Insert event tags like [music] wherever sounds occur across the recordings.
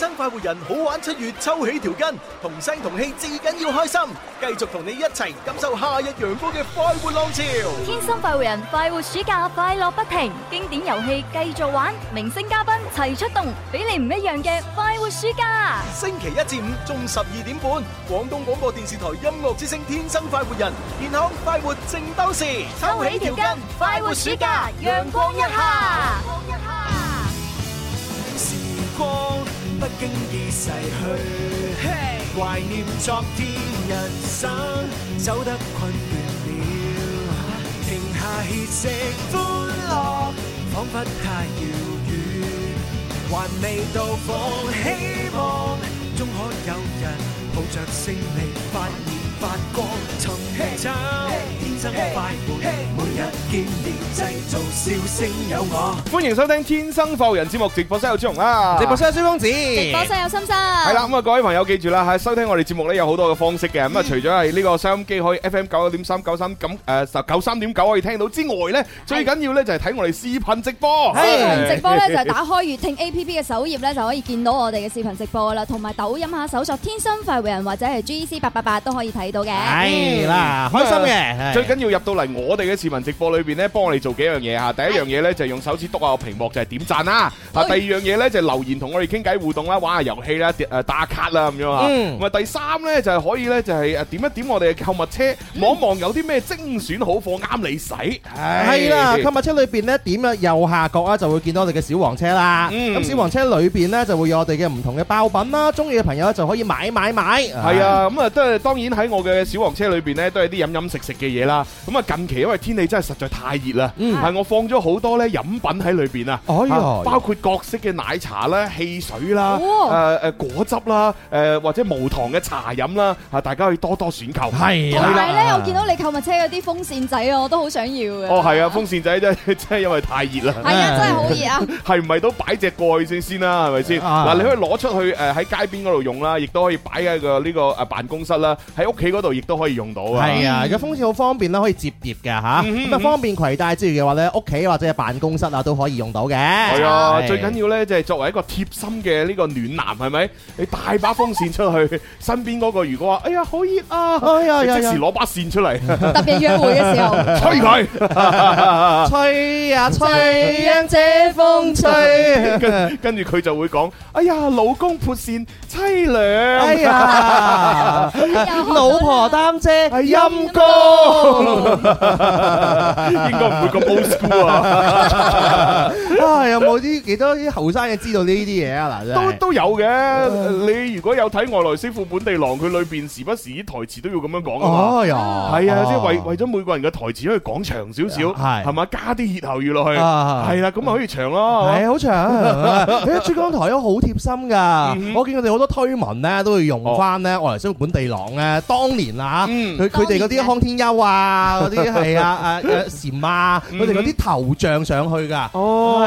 天生快活人，好玩七月抽起條筋，同聲同氣，至緊要開心。繼續同你一齊感受夏日陽光嘅快活浪潮。天生快活人，快活暑假快樂不停，經典遊戲繼續，繼續玩，明星嘉賓齊出動，俾你唔一樣嘅快活暑假。星期一至五中午十二點半，廣東廣播電視台音樂之聲《天生快活人》，健康快活正當時，抽起條筋，快活暑假，陽光一下。不經意逝去，Hey. 懷念昨天，人生走得困倦了，啊、停下歇息，歡樂彷佛太遙遠，還未到訪，希望終、啊、可有人抱着勝利發現發光，尋希、hey. hey. 每日見面製造笑聲，有我，歡迎收聽《天生發人》節目，直播室有朱紅啦，直播室有朱公子，直播室有心室。係啦，咁啊，各位朋友記住啦，收聽我哋節目咧有好多嘅方式嘅，咁啊除咗係呢個收音機可以 FM 九一點三九三咁誒九三點九可以聽到之外咧，最緊要咧就係睇我哋視頻直播。視頻直播咧就係打開粵聽 A P P 嘅首頁咧就可以見到我哋嘅視頻直播噶啦，同埋抖音下搜索《天生發人》或者係 G C 八八八都可以睇到嘅。係啦，開心嘅。跟住入到嚟我哋嘅視頻直播裏邊咧，幫我哋做幾樣嘢嚇。第一樣嘢咧就用手指篤下個屏幕就係點贊啦。嗱，第二樣嘢咧就留言同我哋傾偈互動啦，玩下遊戲啦，誒打下卡啦咁樣啊。咁啊第三咧就係可以咧就係誒點一點我哋嘅購物車，望望有啲咩精選好貨啱你使。係啦，購物車裏邊咧點啊，右下角啊就會見到我哋嘅小黃車啦。咁小黃車裏邊咧就會有我哋嘅唔同嘅爆品啦，中意嘅朋友就可以買買買。係啊，咁啊都係當然喺我嘅小黃車裏邊咧都係啲飲飲食食嘅嘢啦。咁啊，近期因為天氣真係實在太熱啦，係、嗯、我放咗好多咧飲品喺裏邊啊，哎、呀包括各式嘅奶茶啦、汽水啦、誒誒、哦、果汁啦、誒、呃、或者無糖嘅茶飲啦，吓大家可以多多選購。係啊啦，同埋咧，我見到你購物車有啲風扇仔啊，我都好想要嘅。哦，係啊，風扇仔真係真係因為太熱啦，係啊，真係好熱啊。係唔係都擺隻蓋先先啦，係咪先？嗱，你可以攞出去誒喺街邊嗰度用啦，亦都可以擺喺個呢個誒辦公室啦，喺屋企嗰度亦都可以用到啊。係啊，而家風扇好方便。可以折疊嘅吓，咁啊嗯嗯嗯嗯方便攜帶之餘嘅話咧，屋企或者係辦公室啊都可以用到嘅。係啊對，是最緊要咧就係作為一個貼心嘅呢個暖男，係咪？你帶把風扇出去，身邊嗰個如果話，哎呀好熱啊，哎呀，啊、即時攞把扇出嚟。特別約會嘅時候，吹佢，吹啊吹，讓這風吹。 [laughs] 跟住佢就會講，哎呀，老公撥扇淒涼，涼 [laughs] 哎呀，老婆擔遮陰公。 [laughs] 應該唔會咁 old school 啊！哇，有冇啲幾多啲後生嘅，知道呢啲嘢啊？嗱，都都有嘅。你如果有睇《外來媳婦本地郎》，佢裏邊時不時啲台詞都要咁樣講啊係啊，即係為為咗每個人嘅台詞可以講長少少，係係咪，加啲歇後語落去，係啦，咁啊可以長咯。係啊，好長。哎，珠江台都好貼心噶。我見佢哋好多推文咧，都會用翻咧《外來媳婦本地郎》咧。當年啊，佢佢哋嗰啲康天庥啊。啊！嗰啲係啊啊！嬋啊，佢哋嗰啲頭像上去噶哦，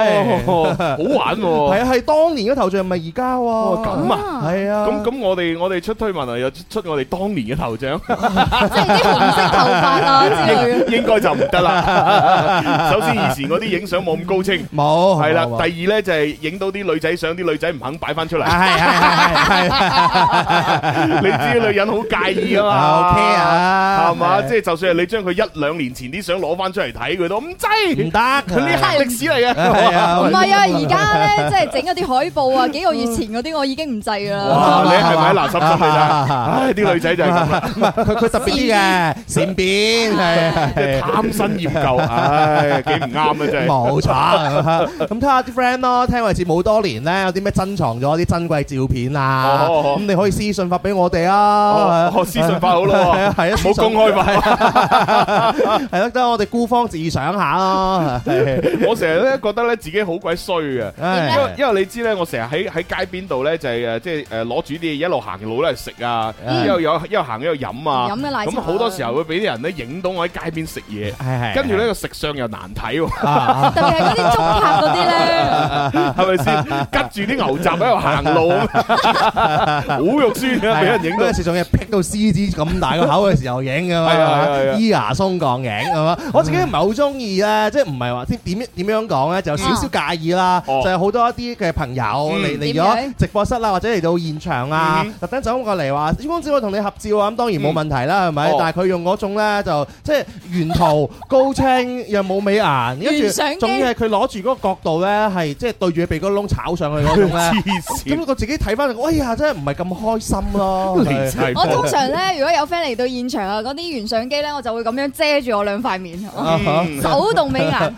好玩喎！係啊，係當年嘅頭像，咪而家喎。咁啊，係啊。咁咁，我哋我哋出推文啊，又出我哋當年嘅頭像，即係啲紅色頭髮咯。應該就唔得啦。首先以前嗰啲影相冇咁高清，冇係啦。第二咧就係影到啲女仔相，啲女仔唔肯擺翻出嚟。係係係，你知女人好介意㗎嘛？ok 啊，係嘛？即係就算係你。將佢一兩年前啲相攞翻出嚟睇佢都唔制，唔得，佢呢下係歷史嚟嘅。唔係啊，而家咧即係整一啲海報啊，幾個月前嗰啲我已經唔制啦。你係咪啲垃圾先嚟㗎？唉，啲女仔就係咁啦。佢特別啲嘅善變，係貪新厭舊，唉，幾唔啱啊真係。冇錯。咁睇下啲 friend 咯，聽我節目好多年咧，有啲咩珍藏咗啲珍貴照片啊？咁你可以私信發俾我哋啊，私信發好咯，係啊，冇公開發。係咯，得我哋孤芳自賞下咯。我成日咧覺得咧自己好鬼衰啊，因為你知咧，我成日喺喺街邊度咧就係誒，即係誒，攞住啲嘢一路行路咧食啊，一路行一路飲啊。咁好多時候會俾啲人咧影到我喺街邊食嘢，跟住的呢個食相又難睇， [laughs] 特別係嗰啲中拍嗰啲咧，係咪先？吉住啲牛雜喺度行路，好肉酸啊！俾的人影到一次仲要劈到獅子咁大個口嘅時候影噶嘛。 [laughs] 牙鬆、鋼頸係嘛？我自己唔係好中意咧，即係唔係話點點點樣講咧，就有少少介意啦。就係好多一啲嘅朋友嚟嚟咗直播室啦，或者嚟到現場啊，特登走過嚟話，朱公子，我同你合照啊！咁當然冇問題啦，係咪？但係佢用嗰種咧，就即係原圖高清又冇美顏，跟住仲要係佢攞住嗰個角度咧，係即係對住佢鼻哥窿炒上去嗰種咧。黐線！咁我自己睇翻，我哎呀，真係唔係咁開心咯。我通常咧，如果有 friend 嚟到現場啊，嗰啲原相機咧，我就。會咁樣遮住我兩塊面，嗯、手動美顏。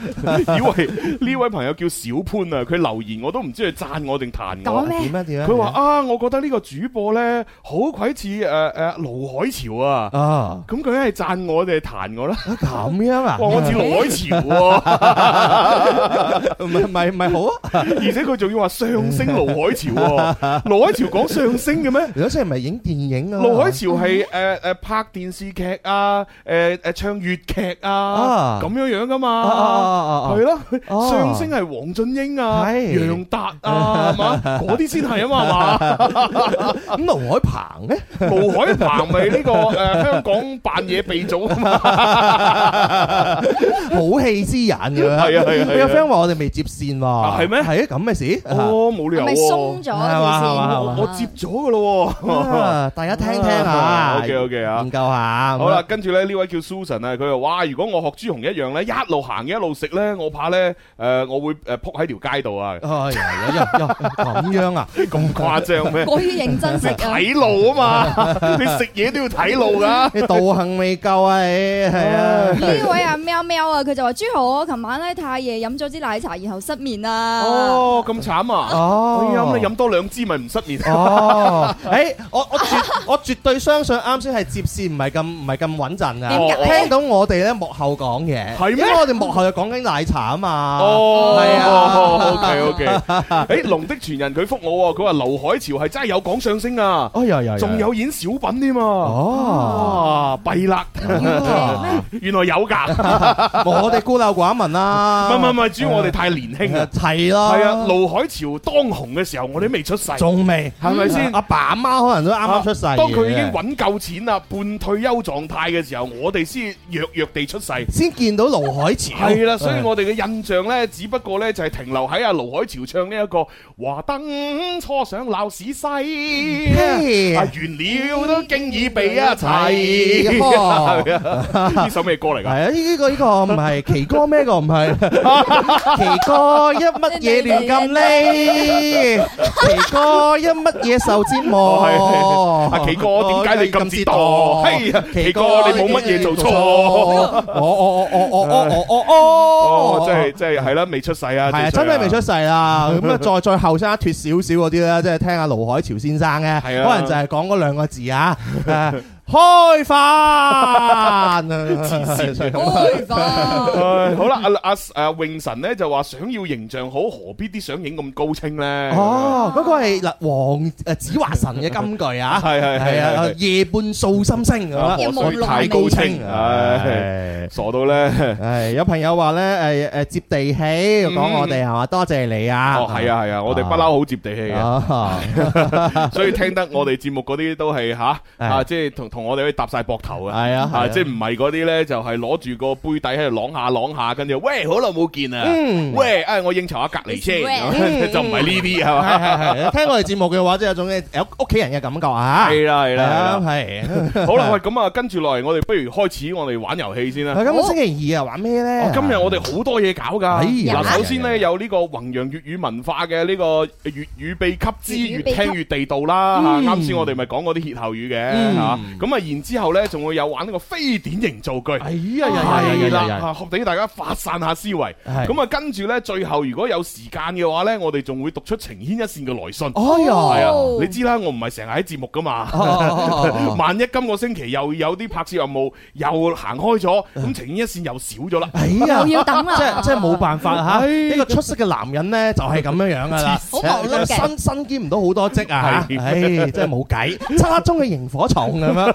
以為呢位朋友叫小潘啊，佢留言我都唔知係讚我定彈我。點啊點啊！佢話說樣啊，我覺得呢個主播咧好鬼似誒誒盧海潮啊。啊，咁佢係讚我定彈我啦？咁、啊、樣啊？我似盧海潮，唔係唔係唔好啊！ [laughs] [laughs] 而且佢仲要話相聲盧海潮、啊，盧 [laughs] 海潮講相聲嘅咩？相聲係咪影電影啊？盧海潮係誒誒拍電視劇啊誒。呃誒誒，唱粵劇啊，咁樣樣噶嘛，係咯，相聲係黃俊英啊，楊達啊，係嘛，啲先係啊嘛，係嘛。咁盧海鵬咧，盧海鵬咪呢個誒香港扮嘢鼻祖啊嘛，好戲之人噶啦。係啊，係啊。我有 friend 話我哋未接線喎，係咩？係啊，咁嘅事。哦，冇理由。咪鬆咗我接咗噶咯。大家聽聽啊。OK OK 啊，研究下。好啦，跟住咧呢位。叫 Susan 啊，佢話哇，如果我學朱紅一樣咧，一路行一路食咧，我怕咧誒，我會誒扑喺條街度啊！哎呀，咁樣啊，咁誇張咩？我要認真食啊！睇路啊嘛，你食嘢都要睇路噶，你道行未夠啊你？係啊！呢位啊喵喵啊，佢就話朱豪，我琴晚咧太夜飲咗支奶茶，然後失眠啊！哦，咁慘啊！哦，哎呀，咁你飲多兩支咪唔失眠？哦，誒，我我絕我絕對相信啱先係接線唔係咁唔係咁穩陣啊！聽到我哋咧幕後講嘢，係咩？我哋幕後又講緊奶茶啊嘛。哦，係啊。O K O K。誒，龍的傳人佢復我，佢話盧海潮係真係有講相聲啊。哦，又仲有演小品添啊。哦，弊啦，原來有噶。我哋孤陋寡聞啦。唔唔唔，主要我哋太年輕啊。係咯。係啊，盧海潮當紅嘅時候，我哋未出世。仲未，係咪先？阿爸阿媽可能都啱啱出世。當佢已經搵夠錢啦，半退休狀態嘅時候，我。我哋先弱弱地出世，先見到盧海潮係啦，所以我哋嘅印象咧，只不過咧就係停留喺阿盧海潮唱呢一個華燈初上鬧市西啊，原料都驚已被一齊。呢首咩歌嚟㗎？係啊，呢個呢個唔係奇哥咩？個唔係奇哥因乜嘢亂咁呢？奇哥因乜嘢受折磨？阿奇哥，點解你咁知道？大？奇哥，你冇乜嘢？做錯、哦，哦哦哦哦哦哦哦哦哦，即係即係係啦，未出世啊，係啊，真係未出世啊。咁樣 [laughs] 再再後生一脱少少嗰啲咧，即、就、係、是、聽下盧海潮先生嘅，啊、可能就係講嗰兩個字啊。 [laughs] [laughs] 開飯啊！開飯！好啦，阿阿阿永神咧就話想要形象好，何必啲相影咁高清咧？哦，嗰個係嗱黃誒子華神嘅金句啊！係係係啊！夜半數心聲咁啊，唔可以睇高清，傻到咧！係有朋友話咧誒誒，接地氣，講我哋係嘛？多謝你啊！哦，係啊係啊，我哋不嬲好接地氣嘅，所以聽得我哋節目嗰啲都係吓啊，即係同。同我哋可以搭晒膊頭啊！係啊，即係唔係嗰啲咧？就係攞住個杯底喺度啷下啷下，跟住喂，好耐冇見啊！喂，哎，我應酬下隔離先，就唔係呢啲係嘛？聽我哋節目嘅話，即係有種屋企人嘅感覺啊！係啦，係啦，係。好啦，喂，咁啊，跟住落嚟，我哋不如開始我哋玩遊戲先啦。今日星期二啊，玩咩咧？今日我哋好多嘢搞㗎。嗱，首先呢，有呢個弘揚粵語文化嘅呢個粵語秘笈之「越聽越地道」啦。啱先我哋咪講嗰啲歇後語嘅嚇。咁啊，然之後呢，仲會有玩呢個非典型造句，係啦，學俾大家發散下思維。咁啊，跟住呢，最後如果有時間嘅話呢，我哋仲會讀出情牽一線嘅來信。係啊，你知啦，我唔係成日喺節目㗎嘛。萬一今個星期又有啲拍攝任務，又行開咗，咁情牽一線又少咗啦。哎呀，要等啦，即係冇辦法嚇。呢個出色嘅男人呢，就係咁樣樣㗎啦。好新身兼唔到好多職啊。係，真係冇計。沙中嘅螢火蟲咁樣。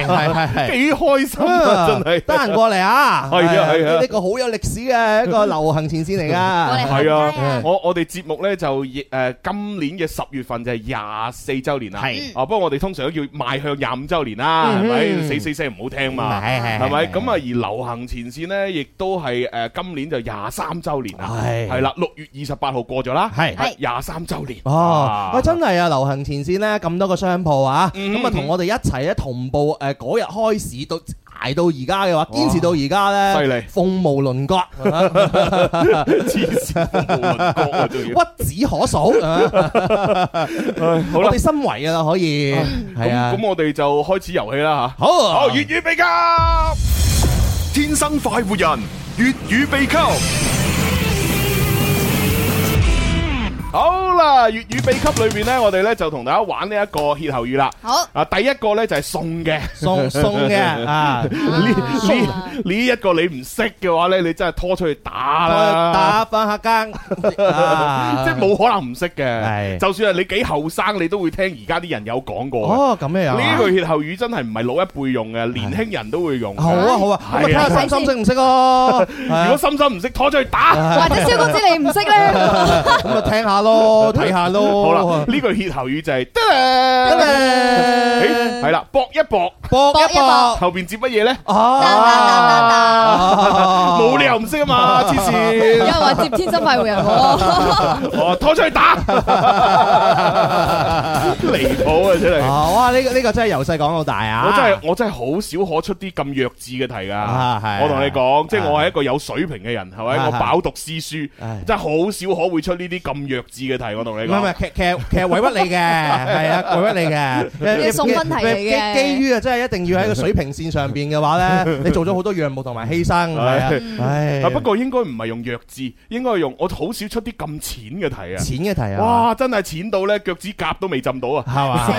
係係係，幾開心啊！真係得人過嚟啊！係啊係啊，呢個好有歷史嘅一個流行前線嚟㗎。係啊，我我哋節目咧就誒今年嘅十月份就係廿四周年啦。係啊，不過我哋通常都叫邁向廿五周年啦，係咪？死死聲唔好聽嘛，係係係咪？咁啊，而流行前線咧亦都係誒今年就廿三周年啦。係係啦，六月二十八號過咗啦，係廿三周年。哦，真係啊！流行前線咧咁多個商鋪啊，咁啊同我哋一齊咧同步誒。嗰日開始到捱到而家嘅話，堅持到而家咧，犀利，鳳毛麟角，屈指可數。好啦，我哋欣慰啊，可以係啊。咁我哋就開始遊戲啦嚇。好，好，粵語秘笈，天生快活人，粵語秘笈。好。.啊！粵語秘笈裏邊咧，我哋咧就同大家玩呢一個歇後語啦。好啊，第一個咧就係送嘅，送送嘅啊！呢呢呢一個你唔識嘅話咧，你真係拖出去打啦，打翻下更，即係冇可能唔識嘅。係，就算係你幾後生，你都會聽而家啲人有講過。哦，咁咩？啊！呢句歇後語真係唔係老一輩用嘅，年輕人都會用。好啊，好啊，咁啊睇下心心識唔識咯。如果心心唔識，拖出去打。或者蕭公知你唔識咧，咁就聽下咯。我睇下咯，好啦，呢句歇後語就係得嘞，得嘞，誒，係啦，搏一搏，搏一搏，後邊接乜嘢咧？啊，冇理由唔識啊嘛，黐線！有人話接天生快活人喎，拖出去打，離譜啊！真係，哇！呢個呢個真係由細講到大啊！我真係我真係好少可出啲咁弱智嘅題㗎，我同你講，即係我係一個有水平嘅人，係咪？我飽讀詩書，真係好少可會出呢啲咁弱智嘅題。唔係唔係，其實其實委屈你嘅，係啊，委屈你嘅。送分題嚟嘅，基於啊，真係一定要喺個水平線上邊嘅話咧，你做咗好多養護同埋犧牲，係啊。不過應該唔係用弱字，應該係用我好少出啲咁淺嘅題啊。淺嘅題啊！哇，真係淺到咧腳趾甲都未浸到啊！係嘛？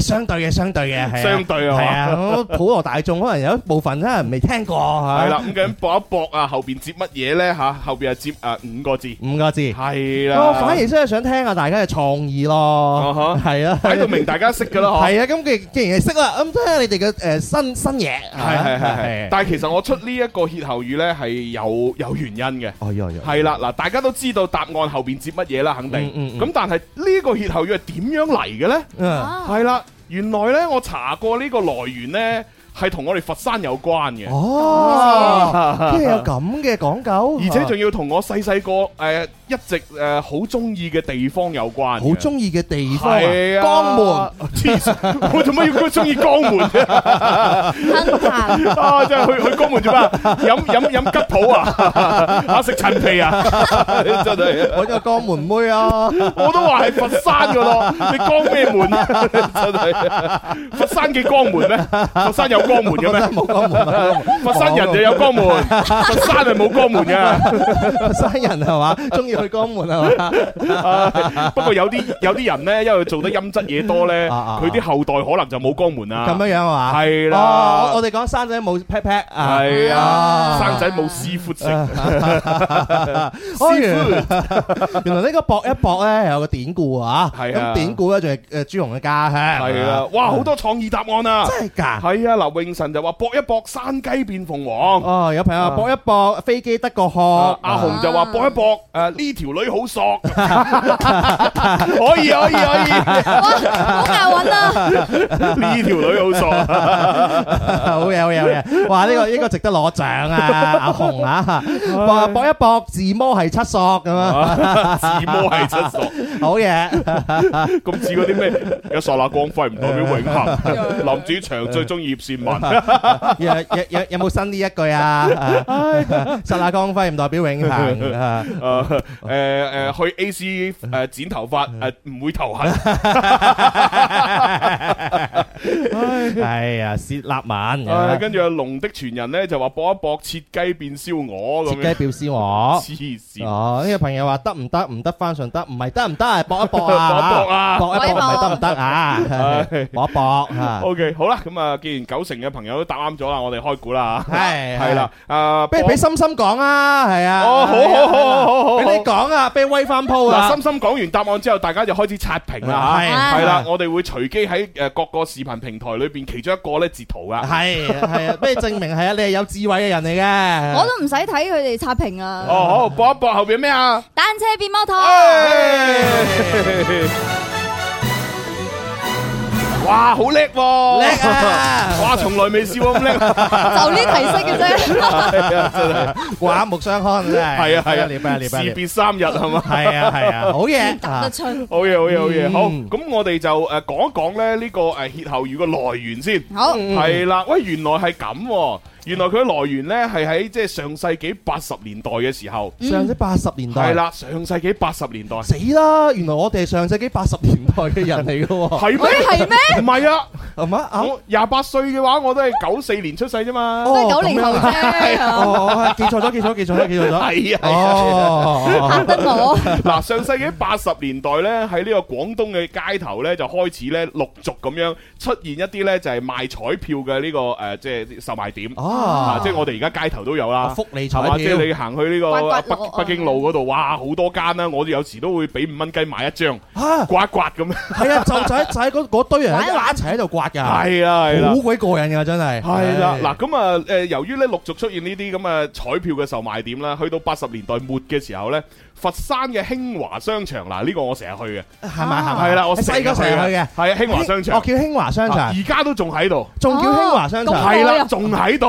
相對嘅，相對嘅係。相對係嘛？係啊，普羅大眾可能有一部分真係未聽過係。係啦，咁緊搏一搏啊！後邊接乜嘢咧？嚇，後邊係接誒五個字，五個字。係。係啦，我反而真係想聽下大家嘅創意咯，係啊，喺度明大家識噶咯，係啊，咁既既然係識啦，咁聽下你哋嘅誒新新嘢，係係係，但係其實我出呢一個歇後語咧係有有原因嘅，係啦，嗱，大家都知道答案後邊接乜嘢啦，肯定，咁但係呢個歇後語係點樣嚟嘅咧？係啦，原來咧我查過呢個來源咧。係同我哋佛山有關嘅，哦，咁有咁嘅講究，而且仲要同我細細個誒一直誒好中意嘅地方有關，好中意嘅地方，啊、江門，我做乜要咁中意江門 [laughs] 哼哼啊？啊，係去去江門做咩？飲飲飲吉普啊？啊，食陳皮啊？ [laughs] 真係的，我做江門妹啊！我都話係佛山噶咯，你江咩門？ [laughs] 真係，佛山嘅江門咩？佛山有？江門嘅咩冇江門啊？佛山人就有江門，佛山係冇江門嘅。佛山人係嘛，中意去江門係嘛？不過有啲有啲人咧，因為做得陰質嘢多咧，佢啲後代可能就冇江門啦。咁樣樣係嘛？係啦，我我哋講生仔冇劈劈啊，係啊，生仔冇師傅食。師傅，原來呢個搏一搏咧有個典故啊，係啊。咁典故咧就係誒朱紅嘅家鄉係啊，哇，好多創意答案啊，真係噶，係啊，劉。永臣就話搏一搏，山雞變鳳凰。哦，有朋友話，搏、啊啊、一搏，飛機得個殼。阿紅就話搏一搏，誒呢條女好索。 [laughs] [laughs] 可，以可，以可以，可以，可以。 [laughs] [laughs] 好硬揾啊！呢條女好索。好嘢，好嘢，哇！呢、這個呢該、這個、值得攞獎啊！阿紅啊，搏、啊 [laughs] 啊、一搏，自摸係七索咁樣！自摸係七索， [laughs] 好嘢耶。咁似嗰啲咩？有剎那光輝唔代表永恒。林子祥最中意葉倩。有有有有冇新呢一句啊？刹那光輝唔代表永恒。誒誒誒，去 A C 誒剪頭髮誒唔會頭痕。哎呀，切蠟蜢。跟住龍的傳人咧就話搏一搏，切雞變燒鵝。切雞變燒鵝，黐綫。哦，呢個朋友話得唔得？唔得翻順德？唔係得唔得？搏一搏啊！搏一搏啊！搏一搏係得唔得啊？搏一搏。O K，好啦，咁啊，既然九成，嘅朋友都答啱咗啦，我哋開估啦，係係啦，誒，不如俾深深講啊，係啊，好好好好好好，俾你講啊，俾威翻鋪啊。深深講完答案之後，大家就開始刷屏啦，係啦，我哋會隨機喺誒各個視頻平台裏邊其中一個咧截圖啊，係，咩證明係啊？你係有智慧嘅人嚟嘅，我都唔使睇佢哋刷屏啊，哦，好，搏一搏後邊咩啊？單車變摩托。哇，好叻喎！叻啊！哇，從來未試過咁叻，就呢題識嘅啫，真係，刮目相看真係。係啊，係啊，嚟吧嚟吧，士別三日係嘛？係啊，係啊，好嘢，答得出，好嘢，好嘢，好嘢。好，咁我哋就誒講一講咧呢個誒歇後語嘅來源先。好，係啦，喂，原來係咁。原來佢嘅來源咧係喺即係上世紀八十年代嘅時候，嗯、上世紀八十年代係啦，上世紀八十年代死啦！原來我哋上世紀八十年代嘅人嚟噶喎，係咩 [laughs] 嗎？係咩？唔係 [laughs] 啊，啊，啊乜？我廿八歲嘅話，我都係九四年出世啫嘛，我都哦，九零後係啊，記錯咗，記錯咗，記錯咗，記錯咗，係啊、 [laughs] 哦，嚇 [laughs] 得我！嗱，上世紀八十年代咧，喺呢個廣東嘅街頭咧，就開始咧陸續咁樣出現一啲咧就係賣彩票嘅呢個誒，即係售賣點。啊啊！啊即係我哋而家街頭都有啦，福利彩票，即係你行去呢個北北京路嗰度，哇，好多間啦，啊！我哋有時都會俾五蚊雞買一張，啊、刮刮咁樣。係啊，就就喺嗰堆人一攋齊喺度刮噶，係啊，好鬼過癮噶，真係。係啦，嗱咁啊，誒，由於咧陸續出現呢啲咁嘅彩票嘅售賣點啦，去到八十年代末嘅時候咧。佛山嘅興華商場嗱，呢個我成日去嘅，係咪？係啦，我細個成日去嘅，係啊，興華商場，我叫興華商場，而家都仲喺度，仲叫興華商場，係啦，仲喺度，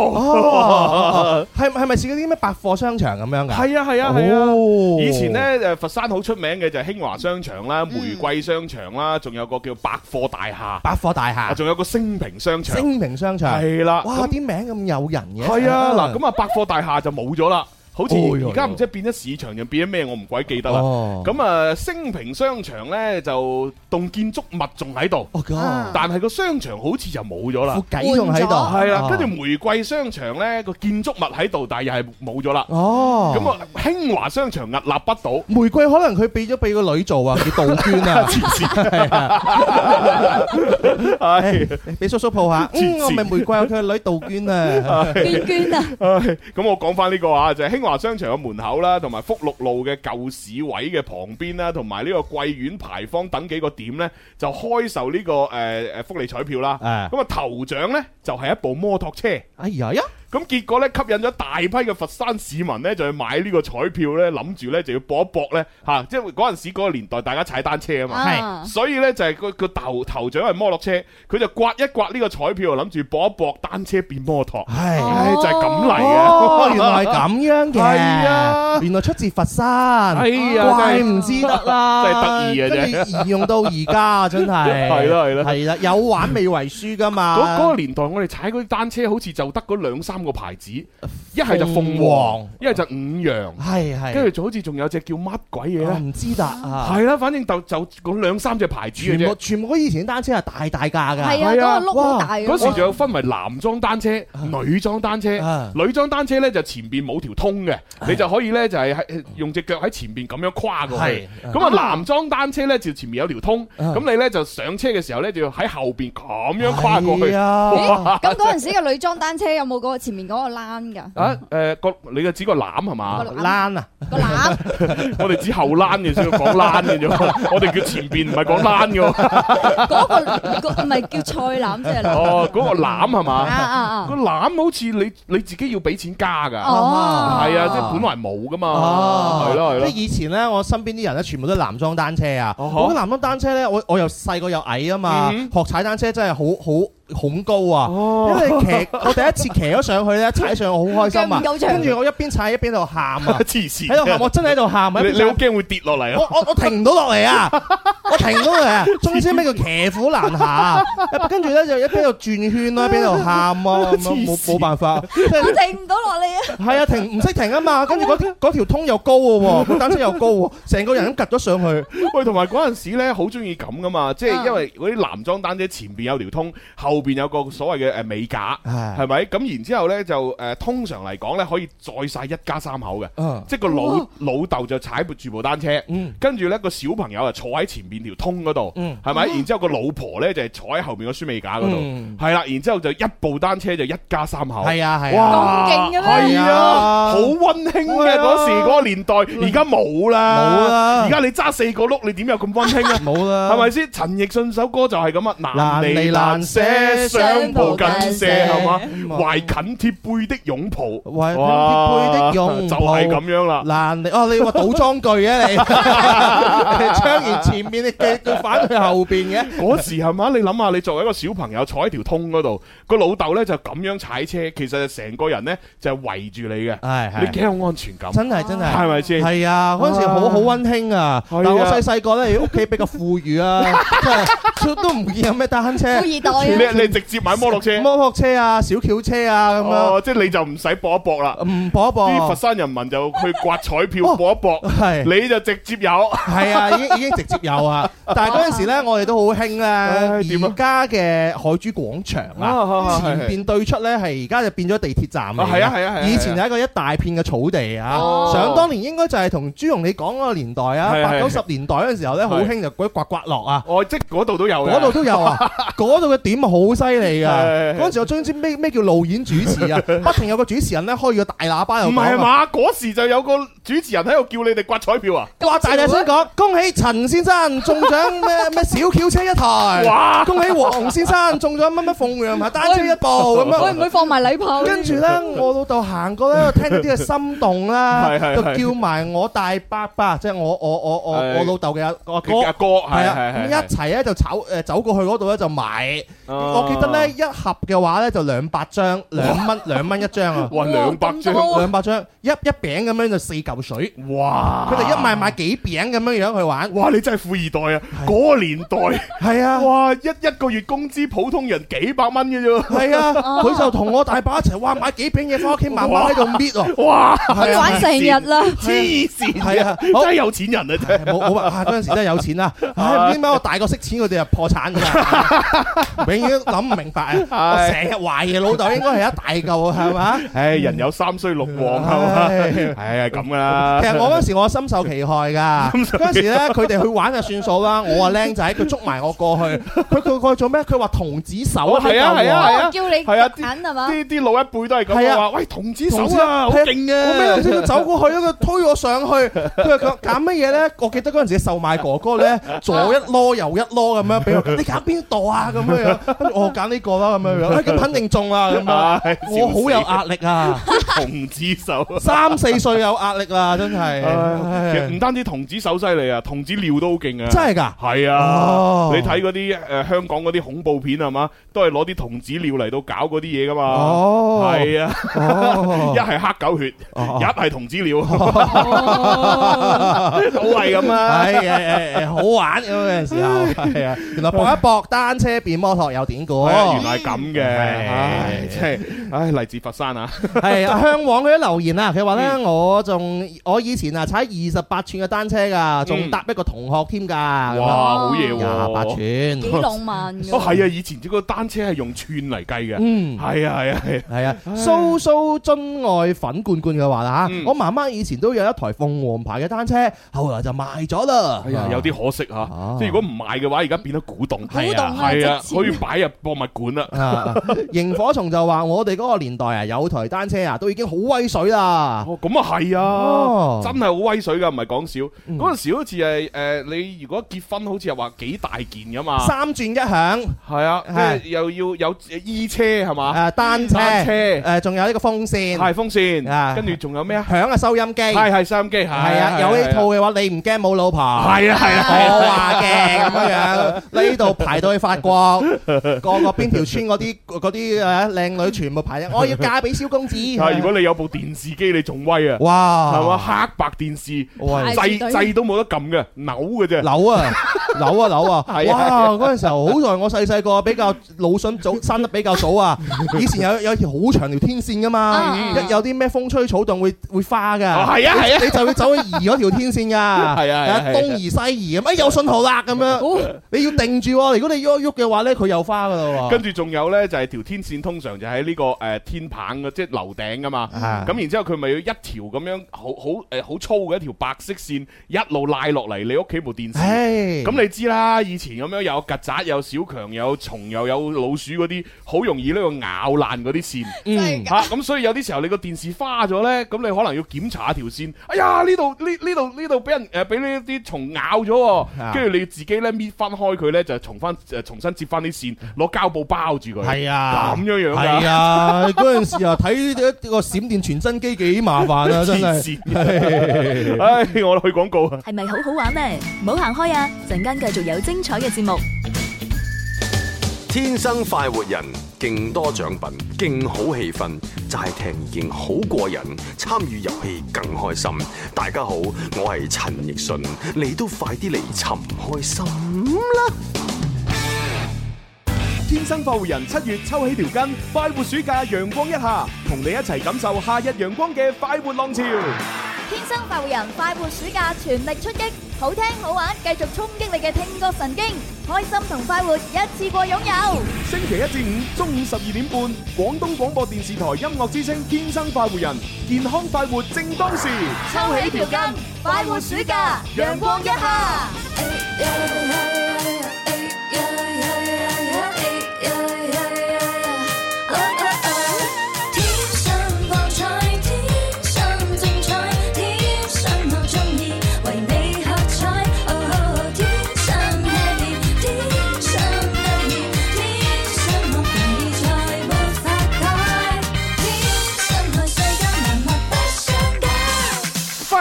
係係咪似嗰啲咩百貨商場咁樣噶？係啊，係啊，係啊！以前咧誒，佛山好出名嘅就係興華商場啦、玫瑰商場啦，仲有個叫百貨大廈、百貨大廈，仲有個星平商場、星平商場，係啦，哇，啲名咁誘人嘅，係啊，嗱，咁啊，百貨大廈就冇咗啦。好似而家唔知變咗市場又變咗咩，我唔鬼記得啦。咁啊，升平商場咧就棟建築物仲喺度，但係個商場好似就冇咗啦。屋企仲喺度，係啦。跟住玫瑰商場咧個建築物喺度，但係又係冇咗啦。哦，咁啊，興華商場屹立不倒。玫瑰可能佢變咗俾個女做啊，叫杜鵑啊，係俾叔叔抱下。嗯，我咪玫瑰，佢個女杜鵑啊，娟娟啊。咁我講翻呢個啊，就係興。華商場嘅門口啦，同埋福祿路嘅舊市委嘅旁邊啦，同埋呢個桂苑牌坊等幾個點呢，就開售呢個誒誒福利彩票啦。咁啊頭，頭獎呢就係、是、一部摩托車。哎呀！咁結果咧吸引咗大批嘅佛山市民咧就去買呢個彩票咧，諗住咧就要搏一搏咧嚇，即係嗰陣時嗰個年代大家踩單車啊嘛，所以咧就係個個頭頭獎係摩托車，佢就刮一刮呢個彩票，諗住搏一搏單車變摩托，係就係咁嚟嘅。哦，原來係咁樣嘅，係啊，原來出自佛山，你唔知得啦，真係得意嘅啫，沿用到而家真係，係啦係啦係啦，有玩未為輸噶嘛。嗰嗰個年代我哋踩嗰啲單車好似就得嗰兩三。個牌子一係就鳳凰，一係就五羊，係係，跟住就好似仲有隻叫乜鬼嘢咧？唔知啦，係啦，反正就就兩三隻牌子，全部以前單車係大大架噶，係啊，嗰個碌好大。嗰時仲有分為男裝單車、女裝單車，女裝單車咧，就前邊冇條通嘅，你就可以咧就係用隻腳喺前邊咁樣跨過去。咁啊，男裝單車咧就前面有條通，咁你咧就上車嘅時候咧就要喺後邊咁樣跨過去。咁嗰陣時嘅女裝單車有冇嗰個？前面嗰個籃噶？啊，誒，個你嘅指個籃係嘛？個籃啊，個籃。我哋指後籃嘅，先講籃嘅啫。我哋叫前邊，唔係講籃嘅。嗰個唔係叫菜籃啫。哦，嗰個籃係嘛？啊啊個籃好似你你自己要俾錢加噶。哦。係啊，即係本來冇噶嘛。哦。係咯，係咯。即以前咧，我身邊啲人咧，全部都係男裝單車啊。哦。我男裝單車咧，我我又細個又矮啊嘛，學踩單車真係好好。恐高啊！因為騎我第一次騎咗上去咧，踩上去好開心啊！跟住我一邊踩一邊喺度喊啊！黐線！喺度我真係喺度喊啊！你好驚會跌落嚟啊！我我停唔到落嚟啊！我停唔到落嚟啊！終於知咩叫騎虎難下啊！跟住咧就一邊喺度轉圈啊，一邊喺度喊啊！冇冇辦法！我停唔到落嚟啊！係啊，停唔識停啊嘛！跟住嗰條通又高嘅喎，個單車又高喎，成個人咁趷咗上去。喂，同埋嗰陣時咧，好中意咁㗎嘛，即係因為嗰啲男裝單車前邊有條通後邊有個所謂嘅誒尾架，係咪？咁然之後咧就誒，通常嚟講呢，可以載晒一家三口嘅，即係個老老豆就踩住部單車，跟住呢個小朋友就坐喺前面條通嗰度，係咪？然之後個老婆呢，就坐喺後面個舒美架嗰度，係啦。然之後就一部單車就一家三口，係啊，係啊，咁勁嘅啦，係啊，好溫馨嘅嗰時嗰個年代，而家冇啦，冇啦。而家你揸四個轆，你點有咁溫馨啊？冇啦，係咪先？陳奕迅首歌就係咁啊，難離難捨。雙抱緊射係嘛，懷緊貼背的擁抱，懷緊貼背的擁抱就係咁樣啦。嗱，哦、啊、你話組裝具嘅、啊、你，裝完 [laughs] 前面你叫佢反去後邊嘅。嗰時係嘛，你諗下，你作為一個小朋友坐喺條通嗰度，個老豆咧就咁、是、樣踩車，其實成個人咧就係圍住你嘅，的你幾有安全感。真係真係，係咪先？係啊，嗰時好好溫馨啊。嗱、啊，但我細細個咧，屋企比較富裕啊， [laughs] 都唔見有咩單車。富二代啊。你直接買摩托車、摩托車啊、小轎車啊咁樣，即係你就唔使搏一搏啦。唔搏一搏，啲佛山人民就去刮彩票搏一搏，係你就直接有。係啊，已經已經直接有啊。但係嗰陣時咧，我哋都好興啦。而家嘅海珠廣場啊，前邊對出咧係而家就變咗地鐵站嚟。係啊係啊係。以前係一個一大片嘅草地啊。想當年應該就係同朱紅你講嗰個年代啊，八九十年代嗰陣時候咧好興就嗰啲刮刮樂啊。哦，即係嗰度都有，嗰度都有啊。嗰度嘅點好。好犀利㗎！嗰陣時我真唔知咩咩叫路演主持啊，不停有個主持人咧開個大喇叭又講。唔係啊嘛，嗰時就有個主持人喺度叫你哋刮彩票啊！刮大獎先講，恭喜陳先生中獎咩咩小轎車一台。哇！恭喜黃先生中咗乜乜鳳揚牌單車一部咁樣。會唔會放埋禮炮？跟住咧，我老豆行過咧，聽到啲嘅心動啦，就叫埋我大伯伯，即係我我我我我老豆嘅阿哥阿哥係啊，咁一齊咧就走誒走過去嗰度咧就買。我記得咧一盒嘅話咧就兩百張，兩蚊兩蚊一張啊！哇，兩百張兩百張，一一餅咁樣就四嚿水。哇！佢哋一買買幾餅咁樣樣去玩。哇！你真係富二代啊！嗰年代係啊！哇！一一個月工資普通人幾百蚊嘅啫。係啊，佢就同我大把一齊哇買幾餅嘢，翻屋企慢慢喺度搣喎。哇！玩成日啦，黐線係啊！真係有錢人啊！冇冇嗰陣時真係有錢啦！唔知點解我大個識錢，佢哋就破產㗎啦，永遠。諗唔明白啊！我成日懷疑老豆應該係一大嚿，係嘛？唉，人有三衰六旺，係嘛？係咁噶啦其實我嗰時我深受其害噶。嗰時咧，佢哋去玩就算數啦。我話靚仔，佢捉埋我過去，佢佢過去做咩？佢話童子手啊，係啊係啊，叫你係啊緊係嘛？啲啲老一輩都係咁嘅話，喂，童子手啊，好勁啊！我咩？頭先佢走過去啊，佢推我上去，佢話佢揀乜嘢咧？我記得嗰陣時售賣哥哥咧，左一籮右一籮咁樣俾我。你揀邊度啊？咁樣。我揀呢個啦，咁樣樣，咁肯定中啦，係我好有壓力啊，童子手，三四歲有壓力啦，真係。其實唔單止童子手犀利啊，童子尿都好勁啊。真係噶？係啊，你睇嗰啲誒香港嗰啲恐怖片係嘛，都係攞啲童子尿嚟到搞嗰啲嘢噶嘛。哦，係啊，一係黑狗血，一係童子尿，都係咁啊，係啊，好玩咁嘅時候，係啊，原來搏一搏，單車變摩托又點？原來咁嘅，即係，唉，來自佛山啊！係啊，嚮往佢一留言啊，佢話咧，我仲我以前啊踩二十八寸嘅單車噶，仲搭一個同學添噶。哇，好嘢！廿八寸，幾浪漫。哦，係啊，以前隻個單車係用寸嚟計嘅。嗯，係啊，係啊，係，係啊。蘇蘇真愛粉罐罐嘅話啦，我媽媽以前都有一台鳳凰牌嘅單車，後來就賣咗啦。係啊，有啲可惜吓，即係如果唔賣嘅話，而家變得古董，古董啊，係啊，可以擺博物館啦，螢火蟲就話我哋嗰個年代啊，有台單車啊，都已經好威水啦。哦，咁啊係啊，真係好威水噶，唔係講笑。嗰陣時好似係誒，你如果結婚，好似係話幾大件噶嘛。三轉一響，係啊，即係又要有衣車係嘛。誒，單車，單車，誒，仲有呢個風扇，係風扇，跟住仲有咩啊？響啊，收音機，係係收音機吓，係啊，有呢套嘅話，你唔驚冇老婆。係啊係啊，我話嘅咁樣樣，呢度排到去法國。個個邊條村嗰啲嗰啲啊靚女全部排一，我、哦、要嫁俾蕭公子。如果你有部電視機，你仲威啊！哇，係嘛，黑白電視掣掣都冇得撳嘅，扭嘅啫。扭啊扭啊扭啊！啊啊啊哇，嗰陣時候好耐我細細個比較老信，早生得比較早啊！以前有有條好長條天線噶嘛，有啲咩風吹草動會會花噶。係、哦、啊係啊，啊你，你就會走去移嗰條天線噶。係啊係啊，東移、啊啊啊啊、西移咁，哎、啊、有、啊啊啊啊啊啊、信號啦咁樣。啊啊啊、你要定住，如果你喐喐嘅話咧，佢又花。跟住仲有呢，就係、是、條天線，通常就喺呢、這個誒、呃、天棚嘅，即係樓頂噶嘛。咁、嗯、然之後佢咪要一條咁樣好好誒好、呃、粗嘅一條白色線，一路拉落嚟你屋企部電視。咁你知啦，以前咁樣有曱甴，有小強，有蟲，又有老鼠嗰啲，好容易呢個咬爛嗰啲線。嚇咁，所以有啲時候你個電視花咗呢，咁你可能要檢查一條線。哎呀，呢度呢呢度呢度俾人誒俾呢啲蟲咬咗，跟住、嗯、你自己呢，搣翻開佢呢，就重翻重新接翻啲線。攞膠布包住佢，係啊，咁樣樣啊，嗰陣 [laughs] 時啊，睇一個閃電傳真機幾麻煩啊，真係，唉，我去廣告啊，係咪好好玩咩？唔好行開啊！陣間繼續有精彩嘅節目。天生快活人，勁多獎品，勁好氣氛，就係、是、聽見好過癮，參與遊戲更開心。大家好，我係陳奕迅，你都快啲嚟尋開心啦！天生快活人，七月抽起條筋，快活暑假，陽光一下，同你一齊感受夏日陽光嘅快活浪潮。天生快活人，快活暑假，全力出擊，好聽好玩，繼續衝擊你嘅聽覺神經，開心同快活一次過擁有。星期一至五中午十二點半，廣東廣播電視台音樂之聲《天生快活人》，健康快活正當時，抽起條筋，快活暑假，陽光一下。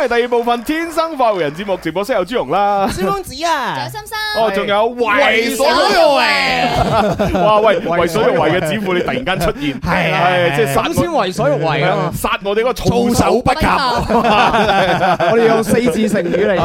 第二部分《天生快活人》節目直播室有朱紅啦、蕭公子啊、蔡心生，哦，仲有為所欲為，哇！喂，為所欲為嘅姊妹你突然間出現，係即係搶先為所欲為啊！殺我哋個措手不及，我哋用四字成語嚟，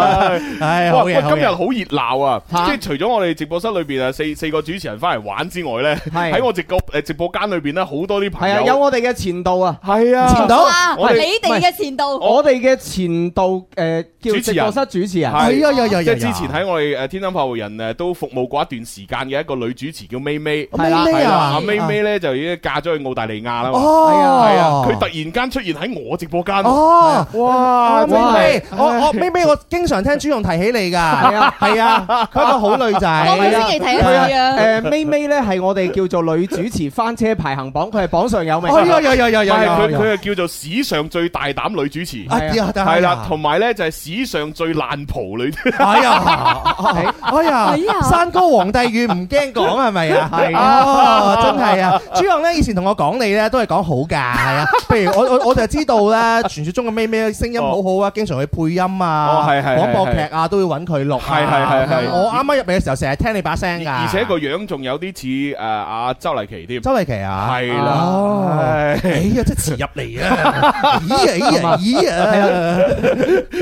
係哇！今日好熱鬧啊！即係除咗我哋直播室裏邊啊，四四個主持人翻嚟玩之外咧，喺我直播誒直播間裏邊咧，好多啲朋友有我哋嘅前度啊，係啊，前度啊！你哋嘅前度！我哋嘅前。到，誒，叫直播室主持人，係即係之前喺我哋誒天生發佈人誒都服務過一段時間嘅一個女主持叫咪咪，係啦，咪咪咧就已經嫁咗去澳大利亞啦。係啊，佢突然間出現喺我直播間。哦，哇，咪咪，我我咪咪，我經常聽朱紅提起你㗎。係啊，係啊，佢一個好女仔。我先提起佢啊。誒，咪咪咧係我哋叫做女主持翻車排行榜，佢係榜上有名。有有有有，但係佢佢係叫做史上最大膽女主持。係啦。同埋咧就係史上最爛蒲女，係啊，係，哎呀，山高皇帝遠唔驚講，係咪啊？係啊，真係啊！主要咧以前同我講你咧都係講好噶，係啊。譬如我我我就知道咧，傳說中嘅咩咩聲音好好啊，經常去配音啊，廣播劇啊都要揾佢錄，係係係係。我啱啱入嚟嘅時候，成日聽你把聲噶。而且個樣仲有啲似誒阿周麗琪添。周麗琪啊？係啦。哎呀，真係遲入嚟啊！咦啊咦啊咦啊！